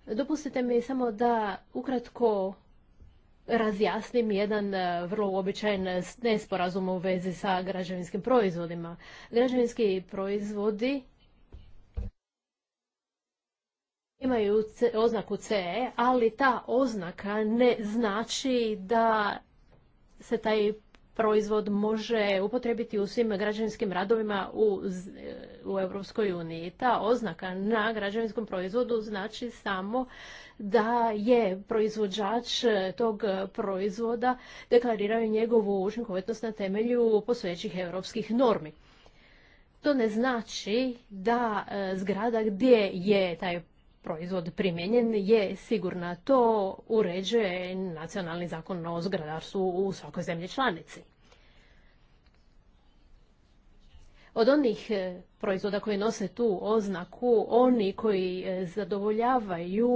Dopustite mi samo da ukratko razjasnim jedan e, vrlo uobičajen nesporazum u vezi sa građevinskim proizvodima. Građevinski proizvodi imaju oznaku CE, ali ta oznaka ne znači da se taj proizvod može upotrebiti u svim građevinskim radovima u, u Europskoj uniji. Ta oznaka na građevinskom proizvodu znači samo da je proizvođač tog proizvoda deklarirao njegovu učinkovitost na temelju posvećih europskih normi. To ne znači da e, zgrada gdje je taj proizvod primijenjen je sigurna. To uređuje nacionalni zakon o zgradarstvu u svakoj zemlji članici. od onih e, proizvoda koji nose tu oznaku, oni koji e, zadovoljavaju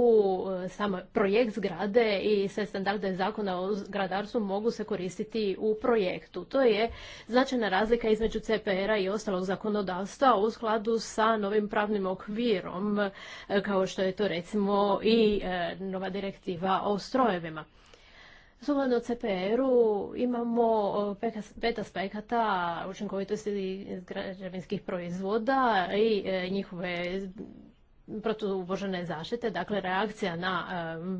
e, samo projekt zgrade i sve standarde zakona o zgradarstvu mogu se koristiti u projektu. To je značajna razlika između CPR-a i ostalog zakonodavstva u skladu sa novim pravnim okvirom, kao što je to recimo i nova direktiva o strojevima. Sukladno CPR-u imamo pet aspekata učinkovitosti građevinskih proizvoda i e, njihove protubožene zaštite, dakle reakcija na e,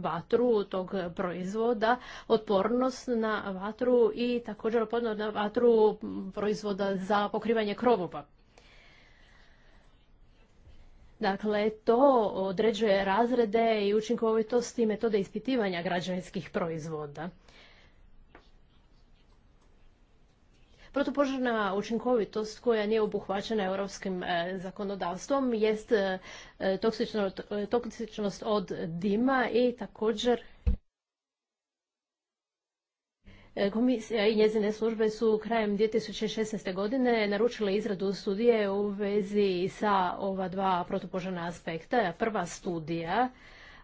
vatru tog proizvoda, otpornost na vatru i također otpornost na vatru proizvoda za pokrivanje krovova. Dakle, to određuje razrede i učinkovitosti i metode ispitivanja građevinskih proizvoda. Protupožarna učinkovitost koja nije obuhvaćena europskim e, zakonodavstvom jest e, e, toksičnost od dima i također E, komisija i njezine službe su krajem 2016. godine naručile izradu studije u vezi sa ova dva protupožana aspekta. Prva studija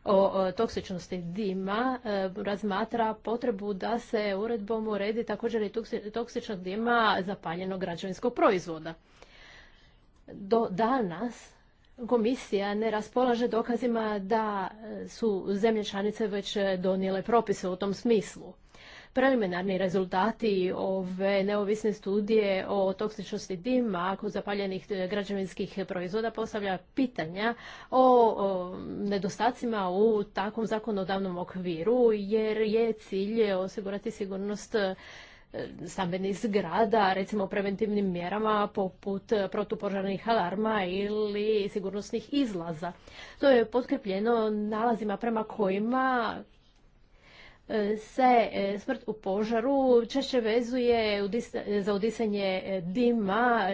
o toksičnosti dima e, razmatra potrebu da se uredbom uredi također i toksičnog dima zapaljenog građevinskog proizvoda. Do danas komisija ne raspolaže dokazima da su zemlje članice već donijele propise u tom smislu preliminarni rezultati ove neovisne studije o toksičnosti dima kod zapaljenih e, građevinskih proizvoda postavlja pitanja o, nedostacima u takvom zakonodavnom okviru jer je cilj osigurati sigurnost e, stambenih zgrada, recimo preventivnim mjerama poput protupožarnih alarma ili sigurnosnih izlaza. To je potkrepljeno nalazima prema kojima E, se e, smrt u požaru češće vezuje za udisanje e, dima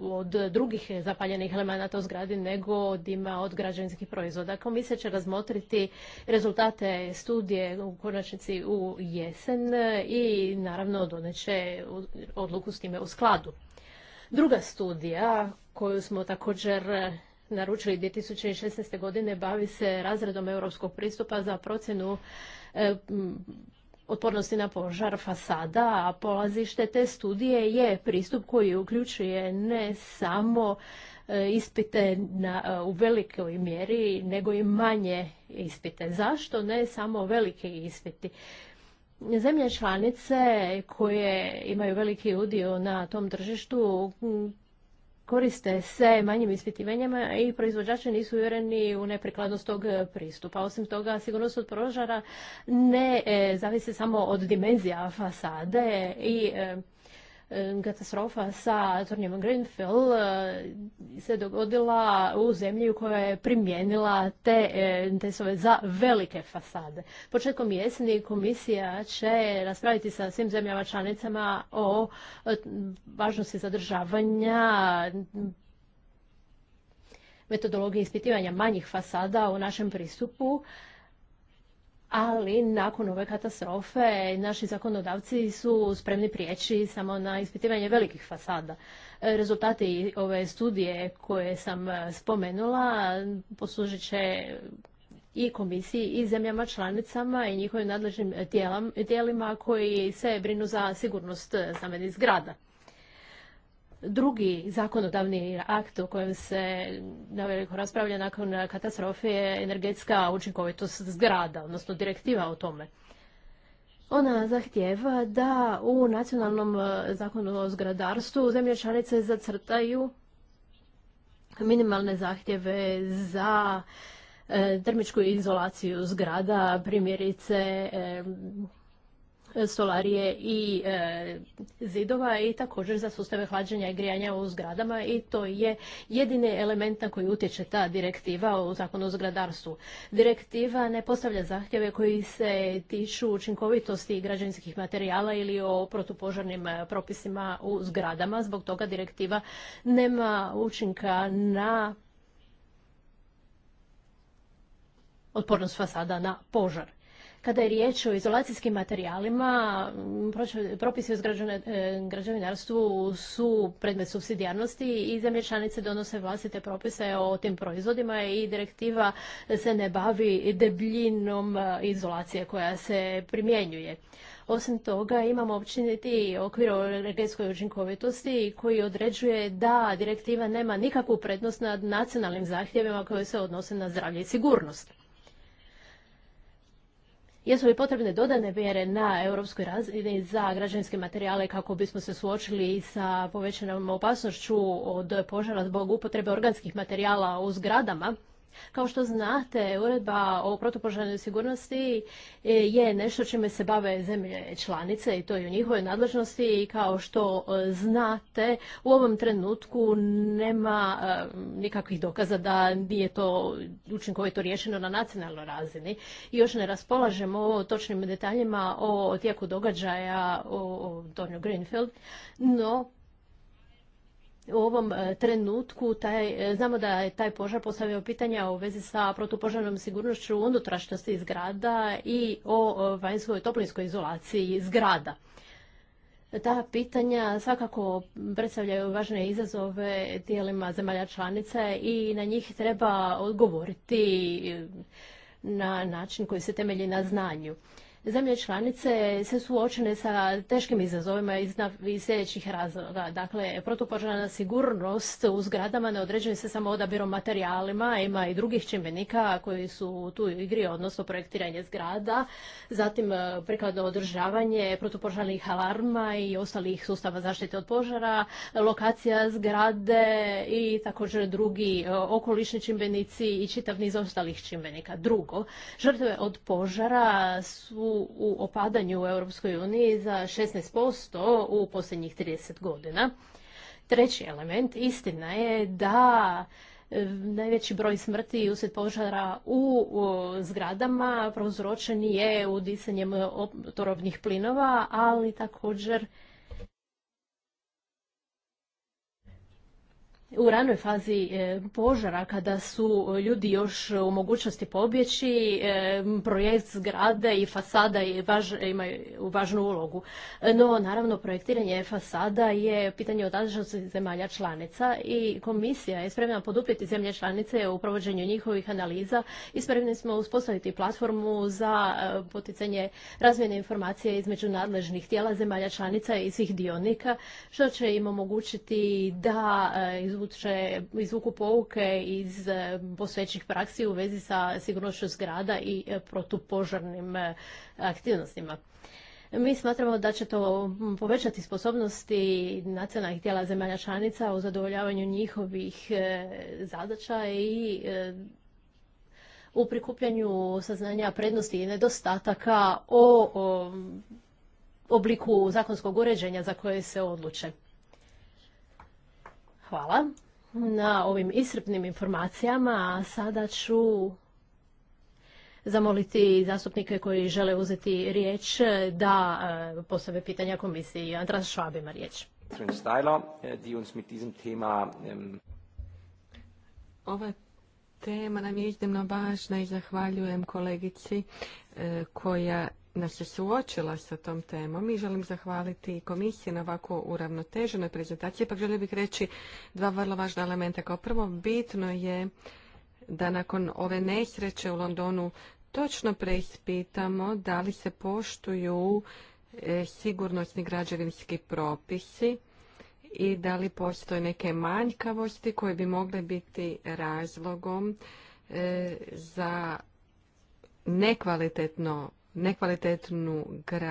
od drugih zapaljenih elemenata u zgradi nego dima od građevinskih proizvoda. Komisija će razmotriti rezultate studije u konačnici u jesen i naravno doneće odluku s time u skladu. Druga studija koju smo također naručili 2016. godine bavi se razredom europskog pristupa za procjenu E, otpornosti na požar fasada, a polazište te studije je pristup koji uključuje ne samo e, ispite na, e, u velikoj mjeri, nego i manje ispite. Zašto ne samo velike ispiti? Zemlje članice koje imaju veliki udio na tom tržištu koriste se manjim ispitivanjima i proizvođači nisu uvjereni u neprikladnost tog e, pristupa. Osim toga, sigurnost od prožara ne e, zavise samo od dimenzija fasade i e, katastrofa sa turnjem Greenfield e, se dogodila u zemlji u kojoj je primijenila te e, testove za velike fasade. Početkom jeseni komisija će raspraviti sa svim zemljama članicama o važnosti zadržavanja metodologije ispitivanja manjih fasada u našem pristupu ali nakon ove katastrofe naši zakonodavci su spremni prijeći samo na ispitivanje velikih fasada. E, rezultati ove studije koje sam e, spomenula poslužit će i komisiji i zemljama članicama i njihovim nadležnim tijelima koji se brinu za sigurnost e, stambenih zgrada. Drugi zakonodavni akt o kojem se na veliko raspravlja nakon katastrofe je energetska učinkovitost zgrada, odnosno direktiva o tome. Ona zahtjeva da u nacionalnom e, zakonu o zgradarstvu zemlje članice zacrtaju minimalne zahtjeve za e, termičku izolaciju zgrada, primjerice e, solarije i e, zidova i također za sustave hlađenja i grijanja u zgradama i to je jedini element na koji utječe ta direktiva u zakonu o zgradarstvu. Direktiva ne postavlja zahtjeve koji se tiču učinkovitosti građevinskih materijala ili o protupožarnim e, propisima u zgradama. Zbog toga direktiva nema učinka na otpornost fasada na požar. Kada je riječ o izolacijskim materijalima, propisi o e, građevinarstvu su predmet subsidijarnosti i zemlje članice donose vlastite propise o tim proizvodima i direktiva se ne bavi debljinom e, izolacije koja se primjenjuje. Osim toga imamo općiniti okvir o energetskoj učinkovitosti koji određuje da direktiva nema nikakvu prednost nad nacionalnim zahtjevima koje se odnose na zdravlje i sigurnost. Jesu li potrebne dodane mjere na europskoj razini za građevinske materijale kako bismo se suočili sa povećanom opasnošću od požara zbog upotrebe organskih materijala u zgradama? Kao što znate, uredba o protupožarnoj sigurnosti e, je nešto čime se bave zemlje članice i to je u njihovoj nadležnosti i kao što e, znate, u ovom trenutku nema e, nikakvih dokaza da nije to učinkovito riješeno na nacionalnoj razini. I još ne raspolažemo točnim detaljima o tijeku događaja o Donju Greenfield, no u ovom e, trenutku taj, e, znamo da je taj požar postavio pitanja u vezi sa protupožarnom sigurnošću unutrašnjosti zgrada i o e, vanjskoj toplinskoj izolaciji zgrada. Ta pitanja svakako predstavljaju važne izazove tijelima zemalja članice i na njih treba odgovoriti na način koji se temelji na znanju zemlje članice se suočene sa teškim izazovima iz sljedećih razloga. Dakle, protupožarna sigurnost u zgradama ne određuje se samo odabirom materijalima, ima i drugih čimbenika koji su tu igri, odnosno projektiranje zgrada, zatim e, prikladno održavanje protupožarnih alarma i ostalih sustava zaštite od požara, lokacija zgrade i također drugi e, okolišni čimbenici i čitav niz ostalih čimbenika. Drugo, žrtve od požara su u opadanju u Europskoj uniji za 16% u posljednjih 30 godina. Treći element, istina je da e, najveći broj smrti usred požara u zgradama prouzročen je udisanjem torovnih plinova, ali također u ranoj fazi e, požara kada su ljudi još u mogućnosti pobjeći, e, projekt zgrade i fasada imaju važnu ulogu. No, naravno, projektiranje fasada je pitanje od zemalja članica i komisija je spremna poduprijeti zemlje članice u provođenju njihovih analiza i spremni smo uspostaviti platformu za e, poticanje razmjene informacije između nadležnih tijela zemalja članica i svih dionika, što će im omogućiti da izvuče izvuče, izvuku pouke iz e, postojećih praksi u vezi sa sigurnošću zgrada i e, protupožarnim e, aktivnostima. Mi smatramo da će to povećati sposobnosti nacionalnih tijela zemalja članica u zadovoljavanju njihovih zadaća i u prikupljanju saznanja prednosti i nedostataka o obliku zakonskog uređenja za koje se odluče. Hvala na ovim iscrpnim informacijama. A sada ću zamoliti zastupnike koji žele uzeti riječ da e, postave pitanja komisiji. Andras Švab ima riječ. E, Ova tema nam je iznimno važna i zahvaljujem kolegici e, koja nas je suočila sa tom temom i želim zahvaliti komisiji na ovako uravnoteženoj prezentaciji. Ipak želio bih reći dva vrlo važna elementa. Kao prvo, bitno je da nakon ove nesreće u Londonu točno preispitamo da li se poštuju e, sigurnosni građevinski propisi i da li postoje neke manjkavosti koje bi mogle biti razlogom e, za nekvalitetno nekvalitetnu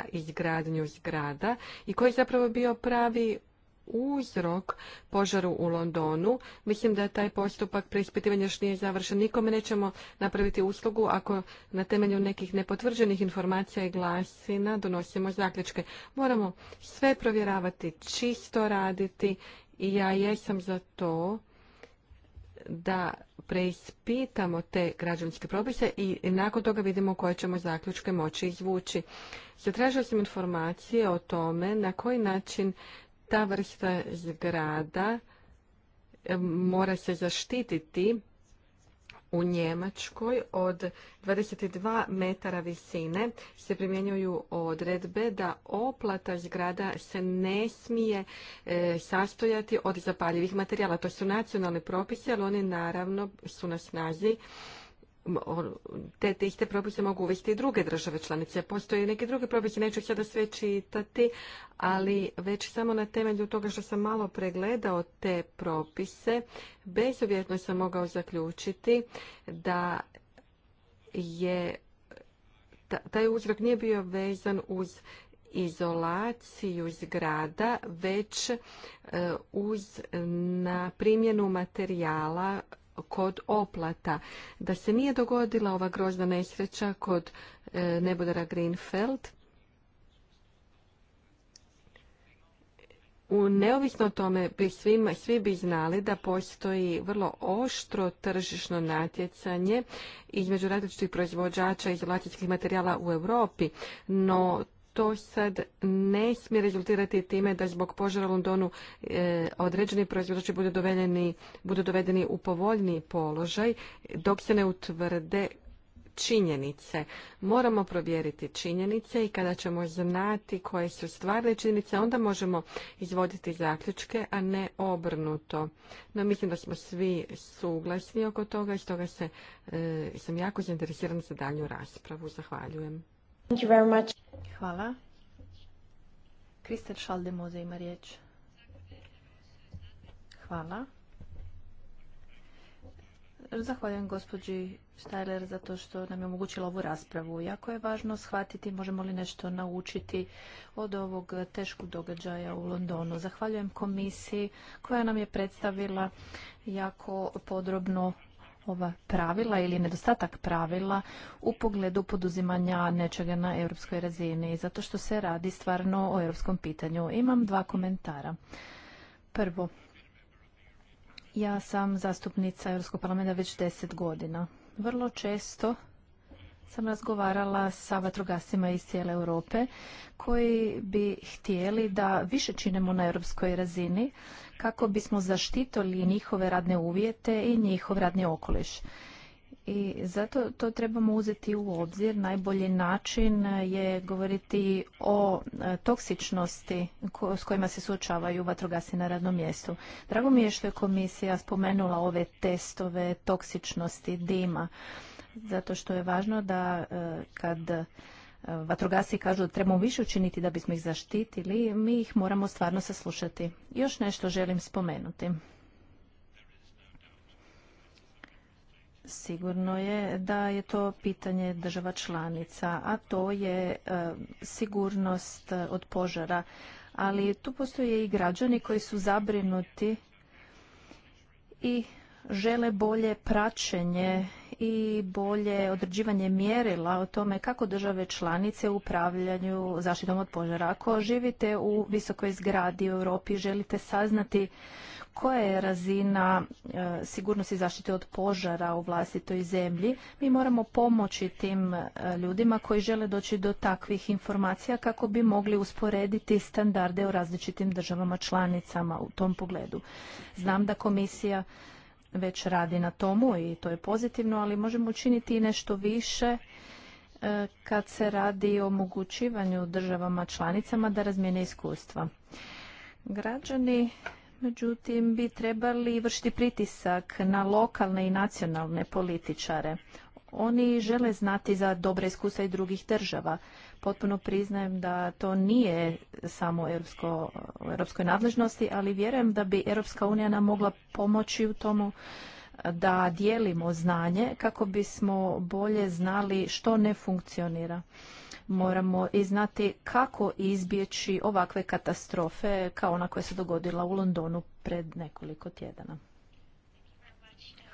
izgradnju zgrada i koji je zapravo bio pravi uzrok požaru u Londonu. Mislim da je taj postupak preispitivanja još nije završen. Nikome nećemo napraviti uslugu ako na temelju nekih nepotvrđenih informacija i glasina donosimo zaključke. Moramo sve provjeravati, čisto raditi i ja jesam za to da preispitamo te građanske propise i nakon toga vidimo koje ćemo zaključke moći izvući. Zatražio sam informacije o tome na koji način ta vrsta zgrada e, mora se zaštititi u Njemačkoj od 22 metara visine se primjenjuju odredbe da oplata zgrada se ne smije e, sastojati od zapaljivih materijala. To su nacionalni propisi, ali oni naravno su na snazi ono, te, te iste propise mogu uvesti i druge države članice. Postoje neki drugi propisi, neću ih sada sve čitati, ali već samo na temelju toga što sam malo pregledao te propise, bezuvjetno sam mogao zaključiti da je taj uzrok nije bio vezan uz izolaciju zgrada, već e, uz na primjenu materijala kod oplata. Da se nije dogodila ova grozna nesreća kod e, nebodara Greenfeld, U neovisno o tome bi svima, svi bi znali da postoji vrlo oštro tržišno natjecanje između različitih proizvođača izolacijskih materijala u Europi, no to sad ne smije rezultirati time da zbog požara u Londonu e, određeni proizvođači budu dovedeni, budu dovedeni u povoljniji položaj dok se ne utvrde činjenice. Moramo provjeriti činjenice i kada ćemo znati koje su stvarne činjenice, onda možemo izvoditi zaključke, a ne obrnuto. No, mislim da smo svi suglasni oko toga i stoga se, e, sam jako zainteresiran za dalju raspravu. Zahvaljujem. Thank you very Hvala. Kristel Šaldemoze ima riječ. Hvala. Zahvaljujem gospođi Štajler zato što nam je omogućila ovu raspravu. Jako je važno shvatiti možemo li nešto naučiti od ovog teškog događaja u Londonu. Zahvaljujem komisiji koja nam je predstavila jako podrobno ova pravila ili nedostatak pravila u pogledu poduzimanja nečega na europskoj razini, zato što se radi stvarno o europskom pitanju. Imam dva komentara. Prvo, ja sam zastupnica Europskog parlamenta već deset godina. Vrlo često sam razgovarala sa vatrogascima iz cijele Europe koji bi htjeli da više činemo na europskoj razini kako bismo zaštitili njihove radne uvjete i njihov radni okoliš. I zato to trebamo uzeti u obzir. Najbolji način je govoriti o e, toksičnosti s kojima se suočavaju vatrogasci na radnom mjestu. Drago mi je što je komisija spomenula ove testove toksičnosti dima zato što je važno da e, kad e, vatrogasci kažu da trebamo više učiniti da bismo ih zaštitili, mi ih moramo stvarno saslušati. Još nešto želim spomenuti. Sigurno je da je to pitanje država članica, a to je e, sigurnost od požara. Ali tu postoje i građani koji su zabrinuti i žele bolje praćenje i bolje određivanje mjerila o tome kako države članice u upravljanju zaštitom od požara. Ako živite u visokoj zgradi u Europi, želite saznati koja je razina e, sigurnosti zaštite od požara u vlastitoj zemlji. Mi moramo pomoći tim e, ljudima koji žele doći do takvih informacija kako bi mogli usporediti standarde u različitim državama članicama u tom pogledu. Znam da komisija već radi na tomu i to je pozitivno, ali možemo učiniti i nešto više e, kad se radi o omogućivanju državama članicama da razmijene iskustva. Građani međutim bi trebali vršiti pritisak na lokalne i nacionalne političare. Oni žele znati za dobre iskustva i drugih država. Potpuno priznajem da to nije samo europsko, europskoj nadležnosti, ali vjerujem da bi Europska unija nam mogla pomoći u tomu da dijelimo znanje kako bismo bolje znali što ne funkcionira. Moramo i znati kako izbjeći ovakve katastrofe kao ona koja se dogodila u Londonu pred nekoliko tjedana.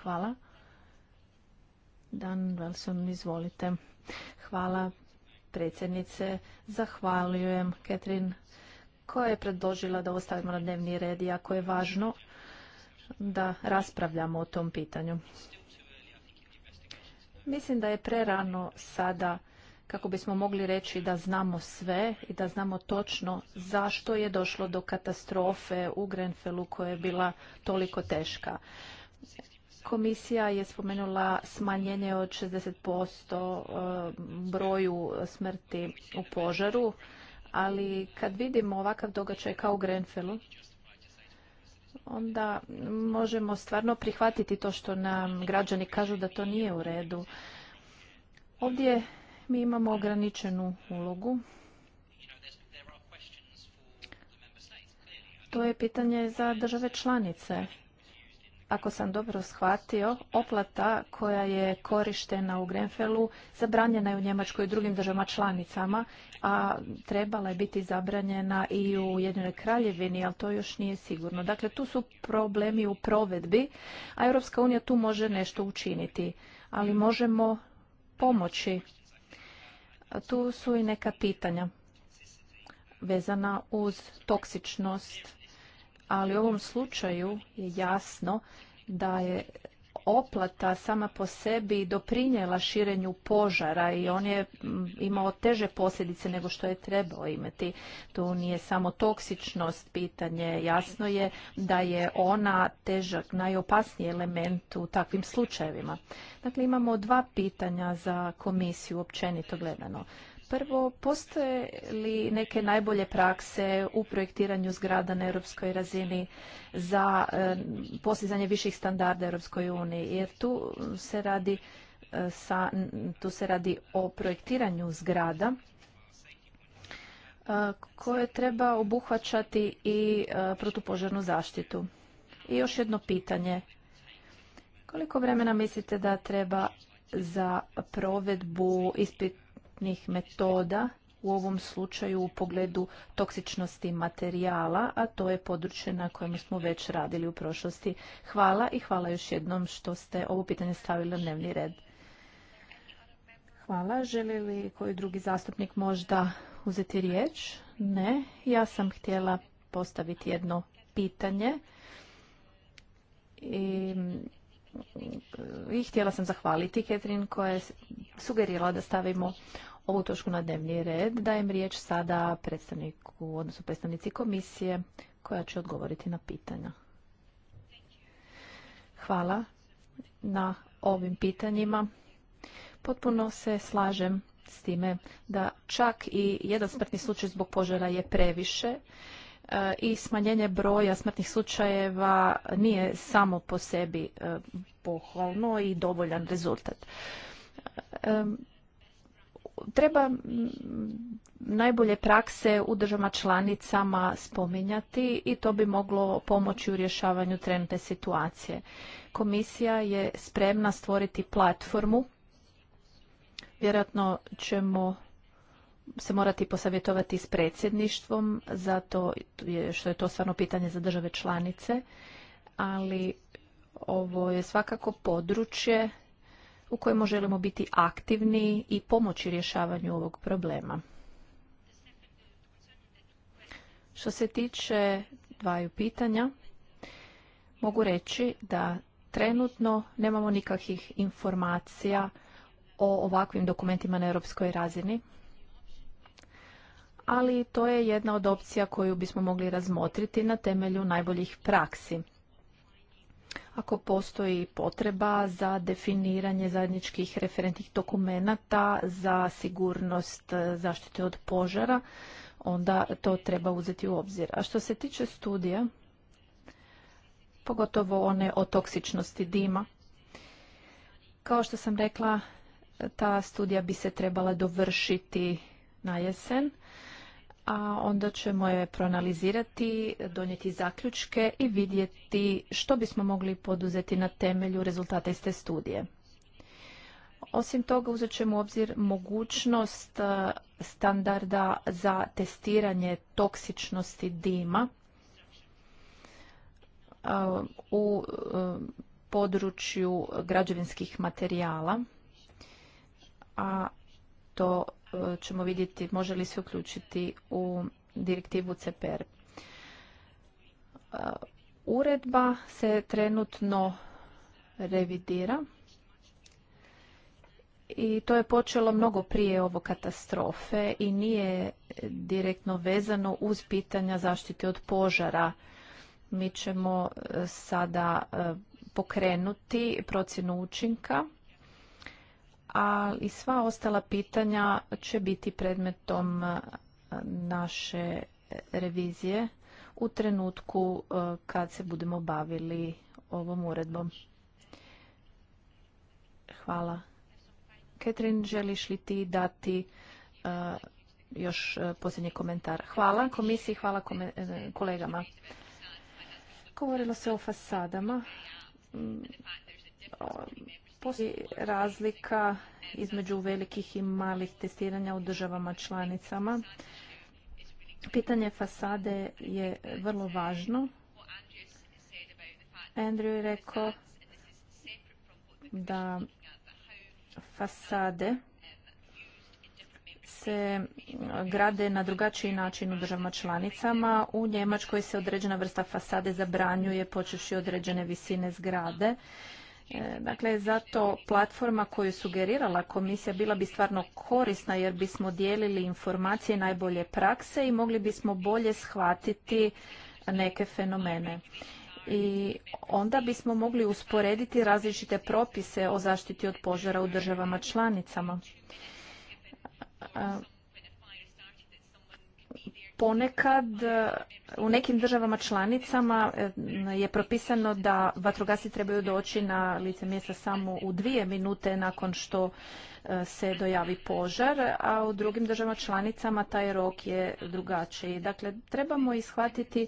Hvala. Dan Velson, izvolite. Hvala predsjednice. Zahvaljujem Ketrin koja je predložila da ostavimo na dnevni red i ako je važno da raspravljamo o tom pitanju. Mislim da je prerano sada kako bismo mogli reći da znamo sve i da znamo točno zašto je došlo do katastrofe u Grenfelu koja je bila toliko teška. Komisija je spomenula smanjenje od 60% eh, broju smrti u požaru, ali kad vidimo ovakav događaj kao u Grenfellu, onda možemo stvarno prihvatiti to što nam građani kažu da to nije u redu. Ovdje mi imamo ograničenu ulogu. To je pitanje za države članice. Ako sam dobro shvatio, oplata koja je korištena u Grenfelu zabranjena je u Njemačkoj i drugim državama članicama, a trebala je biti zabranjena i u Jedinoj kraljevini, ali to još nije sigurno. Dakle, tu su problemi u provedbi, a Europska unija tu može nešto učiniti, ali možemo pomoći. Tu su i neka pitanja vezana uz toksičnost ali u ovom slučaju je jasno da je oplata sama po sebi doprinjela širenju požara i on je mm, imao teže posljedice nego što je trebao imati. Tu nije samo toksičnost pitanje, jasno je da je ona težak, najopasniji element u takvim slučajevima. Dakle, imamo dva pitanja za komisiju općenito gledano. Prvo, postoje li neke najbolje prakse u projektiranju zgrada na europskoj razini za e, postizanje viših standarda Europskoj uniji? Jer tu se radi e, sa, tu se radi o projektiranju zgrada e, koje treba obuhvaćati i protupožarnu zaštitu. I još jedno pitanje. Koliko vremena mislite da treba za provedbu ispit dostupnih metoda u ovom slučaju u pogledu toksičnosti materijala, a to je područje na kojem smo već radili u prošlosti. Hvala i hvala još jednom što ste ovo pitanje stavili na dnevni red. Hvala. Želi li koji drugi zastupnik možda uzeti riječ? Ne. Ja sam htjela postaviti jedno pitanje. I i htjela sam zahvaliti Ketrin koja je sugerirala da stavimo ovu točku na dnevni red. Dajem riječ sada predstavniku, odnosno predstavnici komisije koja će odgovoriti na pitanja. Hvala na ovim pitanjima. Potpuno se slažem s time da čak i jedan smrtni slučaj zbog požara je previše E, i smanjenje broja smrtnih slučajeva nije samo po sebi e, pohvalno i dovoljan rezultat. E, treba najbolje prakse u državama članicama spominjati i to bi moglo pomoći u rješavanju trenutne situacije. Komisija je spremna stvoriti platformu. Vjerojatno ćemo se morati posavjetovati s predsjedništvom, zato što je to stvarno pitanje za države članice, ali ovo je svakako područje u kojemu želimo biti aktivni i pomoći rješavanju ovog problema. Što se tiče dvaju pitanja, mogu reći da trenutno nemamo nikakvih informacija o ovakvim dokumentima na europskoj razini ali to je jedna od opcija koju bismo mogli razmotriti na temelju najboljih praksi. Ako postoji potreba za definiranje zajedničkih referentnih dokumenata za sigurnost zaštite od požara, onda to treba uzeti u obzir. A što se tiče studija, pogotovo one o toksičnosti dima, kao što sam rekla, ta studija bi se trebala dovršiti na jesen a onda ćemo je proanalizirati, donijeti zaključke i vidjeti što bismo mogli poduzeti na temelju rezultata iste studije. Osim toga uzet ćemo u obzir mogućnost e, standarda za testiranje toksičnosti dima e, u e, području građevinskih materijala, a to E, ćemo vidjeti može li se uključiti u direktivu CPR. E, uredba se trenutno revidira i to je počelo mnogo prije ovo katastrofe i nije direktno vezano uz pitanja zaštite od požara. Mi ćemo e, sada pokrenuti procjenu učinka a i sva ostala pitanja će biti predmetom e, naše revizije u trenutku e, kad se budemo bavili ovom uredbom. Hvala. Ketrin, želiš li ti dati e, još posljednji komentar? Hvala komisiji, hvala kolegama. Govorilo se o fasadama. Mm, Postoji razlika između velikih i malih testiranja u državama članicama. Pitanje fasade je vrlo važno. Andrew je rekao da fasade se grade na drugačiji način u državama članicama. U Njemačkoj se određena vrsta fasade zabranjuje počeši određene visine zgrade E, dakle, zato platforma koju sugerirala komisija bila bi stvarno korisna jer bismo dijelili informacije najbolje prakse i mogli bismo bolje shvatiti neke fenomene. I onda bismo mogli usporediti različite propise o zaštiti od požara u državama članicama e, ponekad e, u nekim državama članicama e, je propisano da vatrogasci trebaju doći na lice mjesta samo u dvije minute nakon što e, se dojavi požar, a u drugim državama članicama taj rok je drugačiji. Dakle, trebamo ishvatiti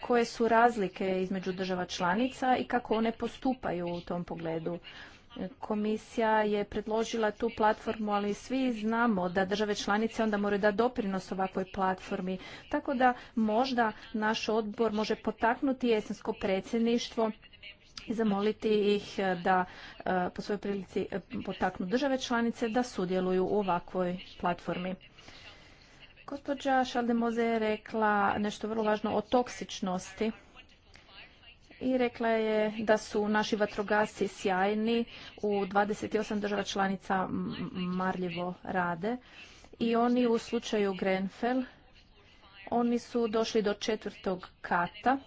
koje su razlike između država članica i kako one postupaju u tom pogledu. Komisija je predložila tu platformu, ali svi znamo da države članice onda moraju da doprinos ovakvoj platformi. Tako da možda naš odbor može potaknuti jesensko predsjedništvo i zamoliti ih e, da e, po svojoj prilici e, potaknu države članice da sudjeluju u ovakvoj platformi. Gospođa Šaldemoze je rekla nešto vrlo važno o toksičnosti i rekla je da su naši vatrogasci sjajni u 28 država članica marljivo rade i oni u slučaju Grenfell oni su došli do četvrtog kata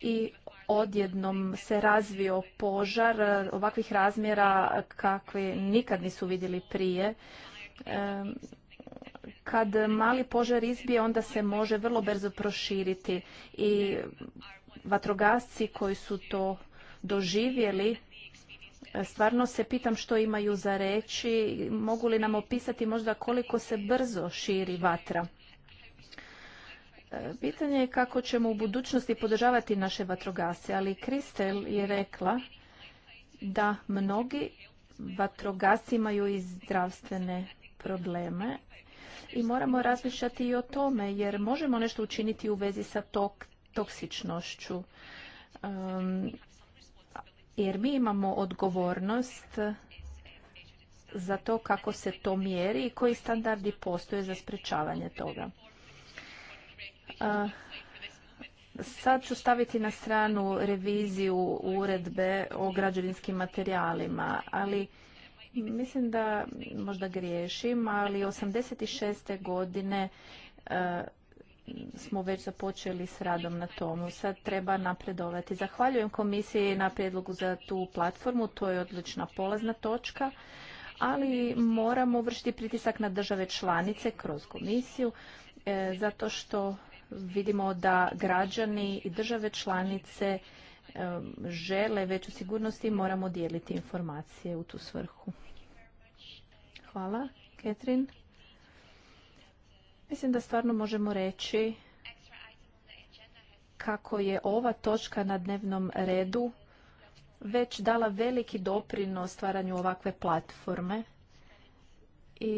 i odjednom se razvio požar ovakvih razmjera kakve nikad nisu vidjeli prije. kad mali požar izbije, onda se može vrlo brzo proširiti i vatrogasci koji su to doživjeli e, stvarno se pitam što imaju za reći, mogu li nam opisati možda koliko se brzo širi vatra. E, pitanje je kako ćemo u budućnosti podržavati naše vatrogasce, ali Kristel je rekla da mnogi vatrogasci imaju i zdravstvene probleme i moramo razmišljati i o tome jer možemo nešto učiniti u vezi sa tok toksičnošću. Jer mi imamo odgovornost za to kako se to mjeri i koji standardi postoje za sprečavanje toga. Eh, sad ću staviti na stranu reviziju uredbe o građevinskim materijalima, ali mislim da možda griješim, ali 86. godine eh, smo već započeli s radom na tomu. Sad treba napredovati. Zahvaljujem komisiji na predlogu za tu platformu. To je odlična polazna točka ali moramo vršiti pritisak na države članice kroz komisiju e, zato što vidimo da građani i države članice e, žele veću sigurnost i moramo dijeliti informacije u tu svrhu. Hvala, Katrin. Mislim da stvarno možemo reći kako je ova točka na dnevnom redu već dala veliki doprinos stvaranju ovakve platforme i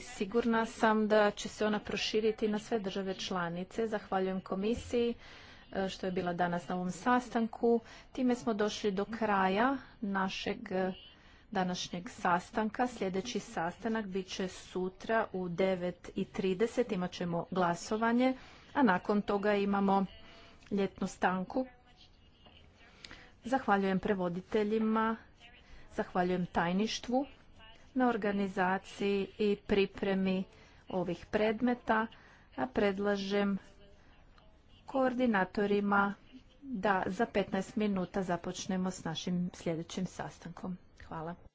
sigurna sam da će se ona proširiti na sve države članice. Zahvaljujem komisiji e, što je bila danas na ovom sastanku. Time smo došli do kraja našeg današnjeg sastanka. Sljedeći sastanak bit će sutra u 9.30. Imat ćemo glasovanje, a nakon toga imamo ljetnu stanku. Zahvaljujem prevoditeljima, zahvaljujem tajništvu na organizaciji i pripremi ovih predmeta, a predlažem koordinatorima da za 15 minuta započnemo s našim sljedećim sastankom. Hvala.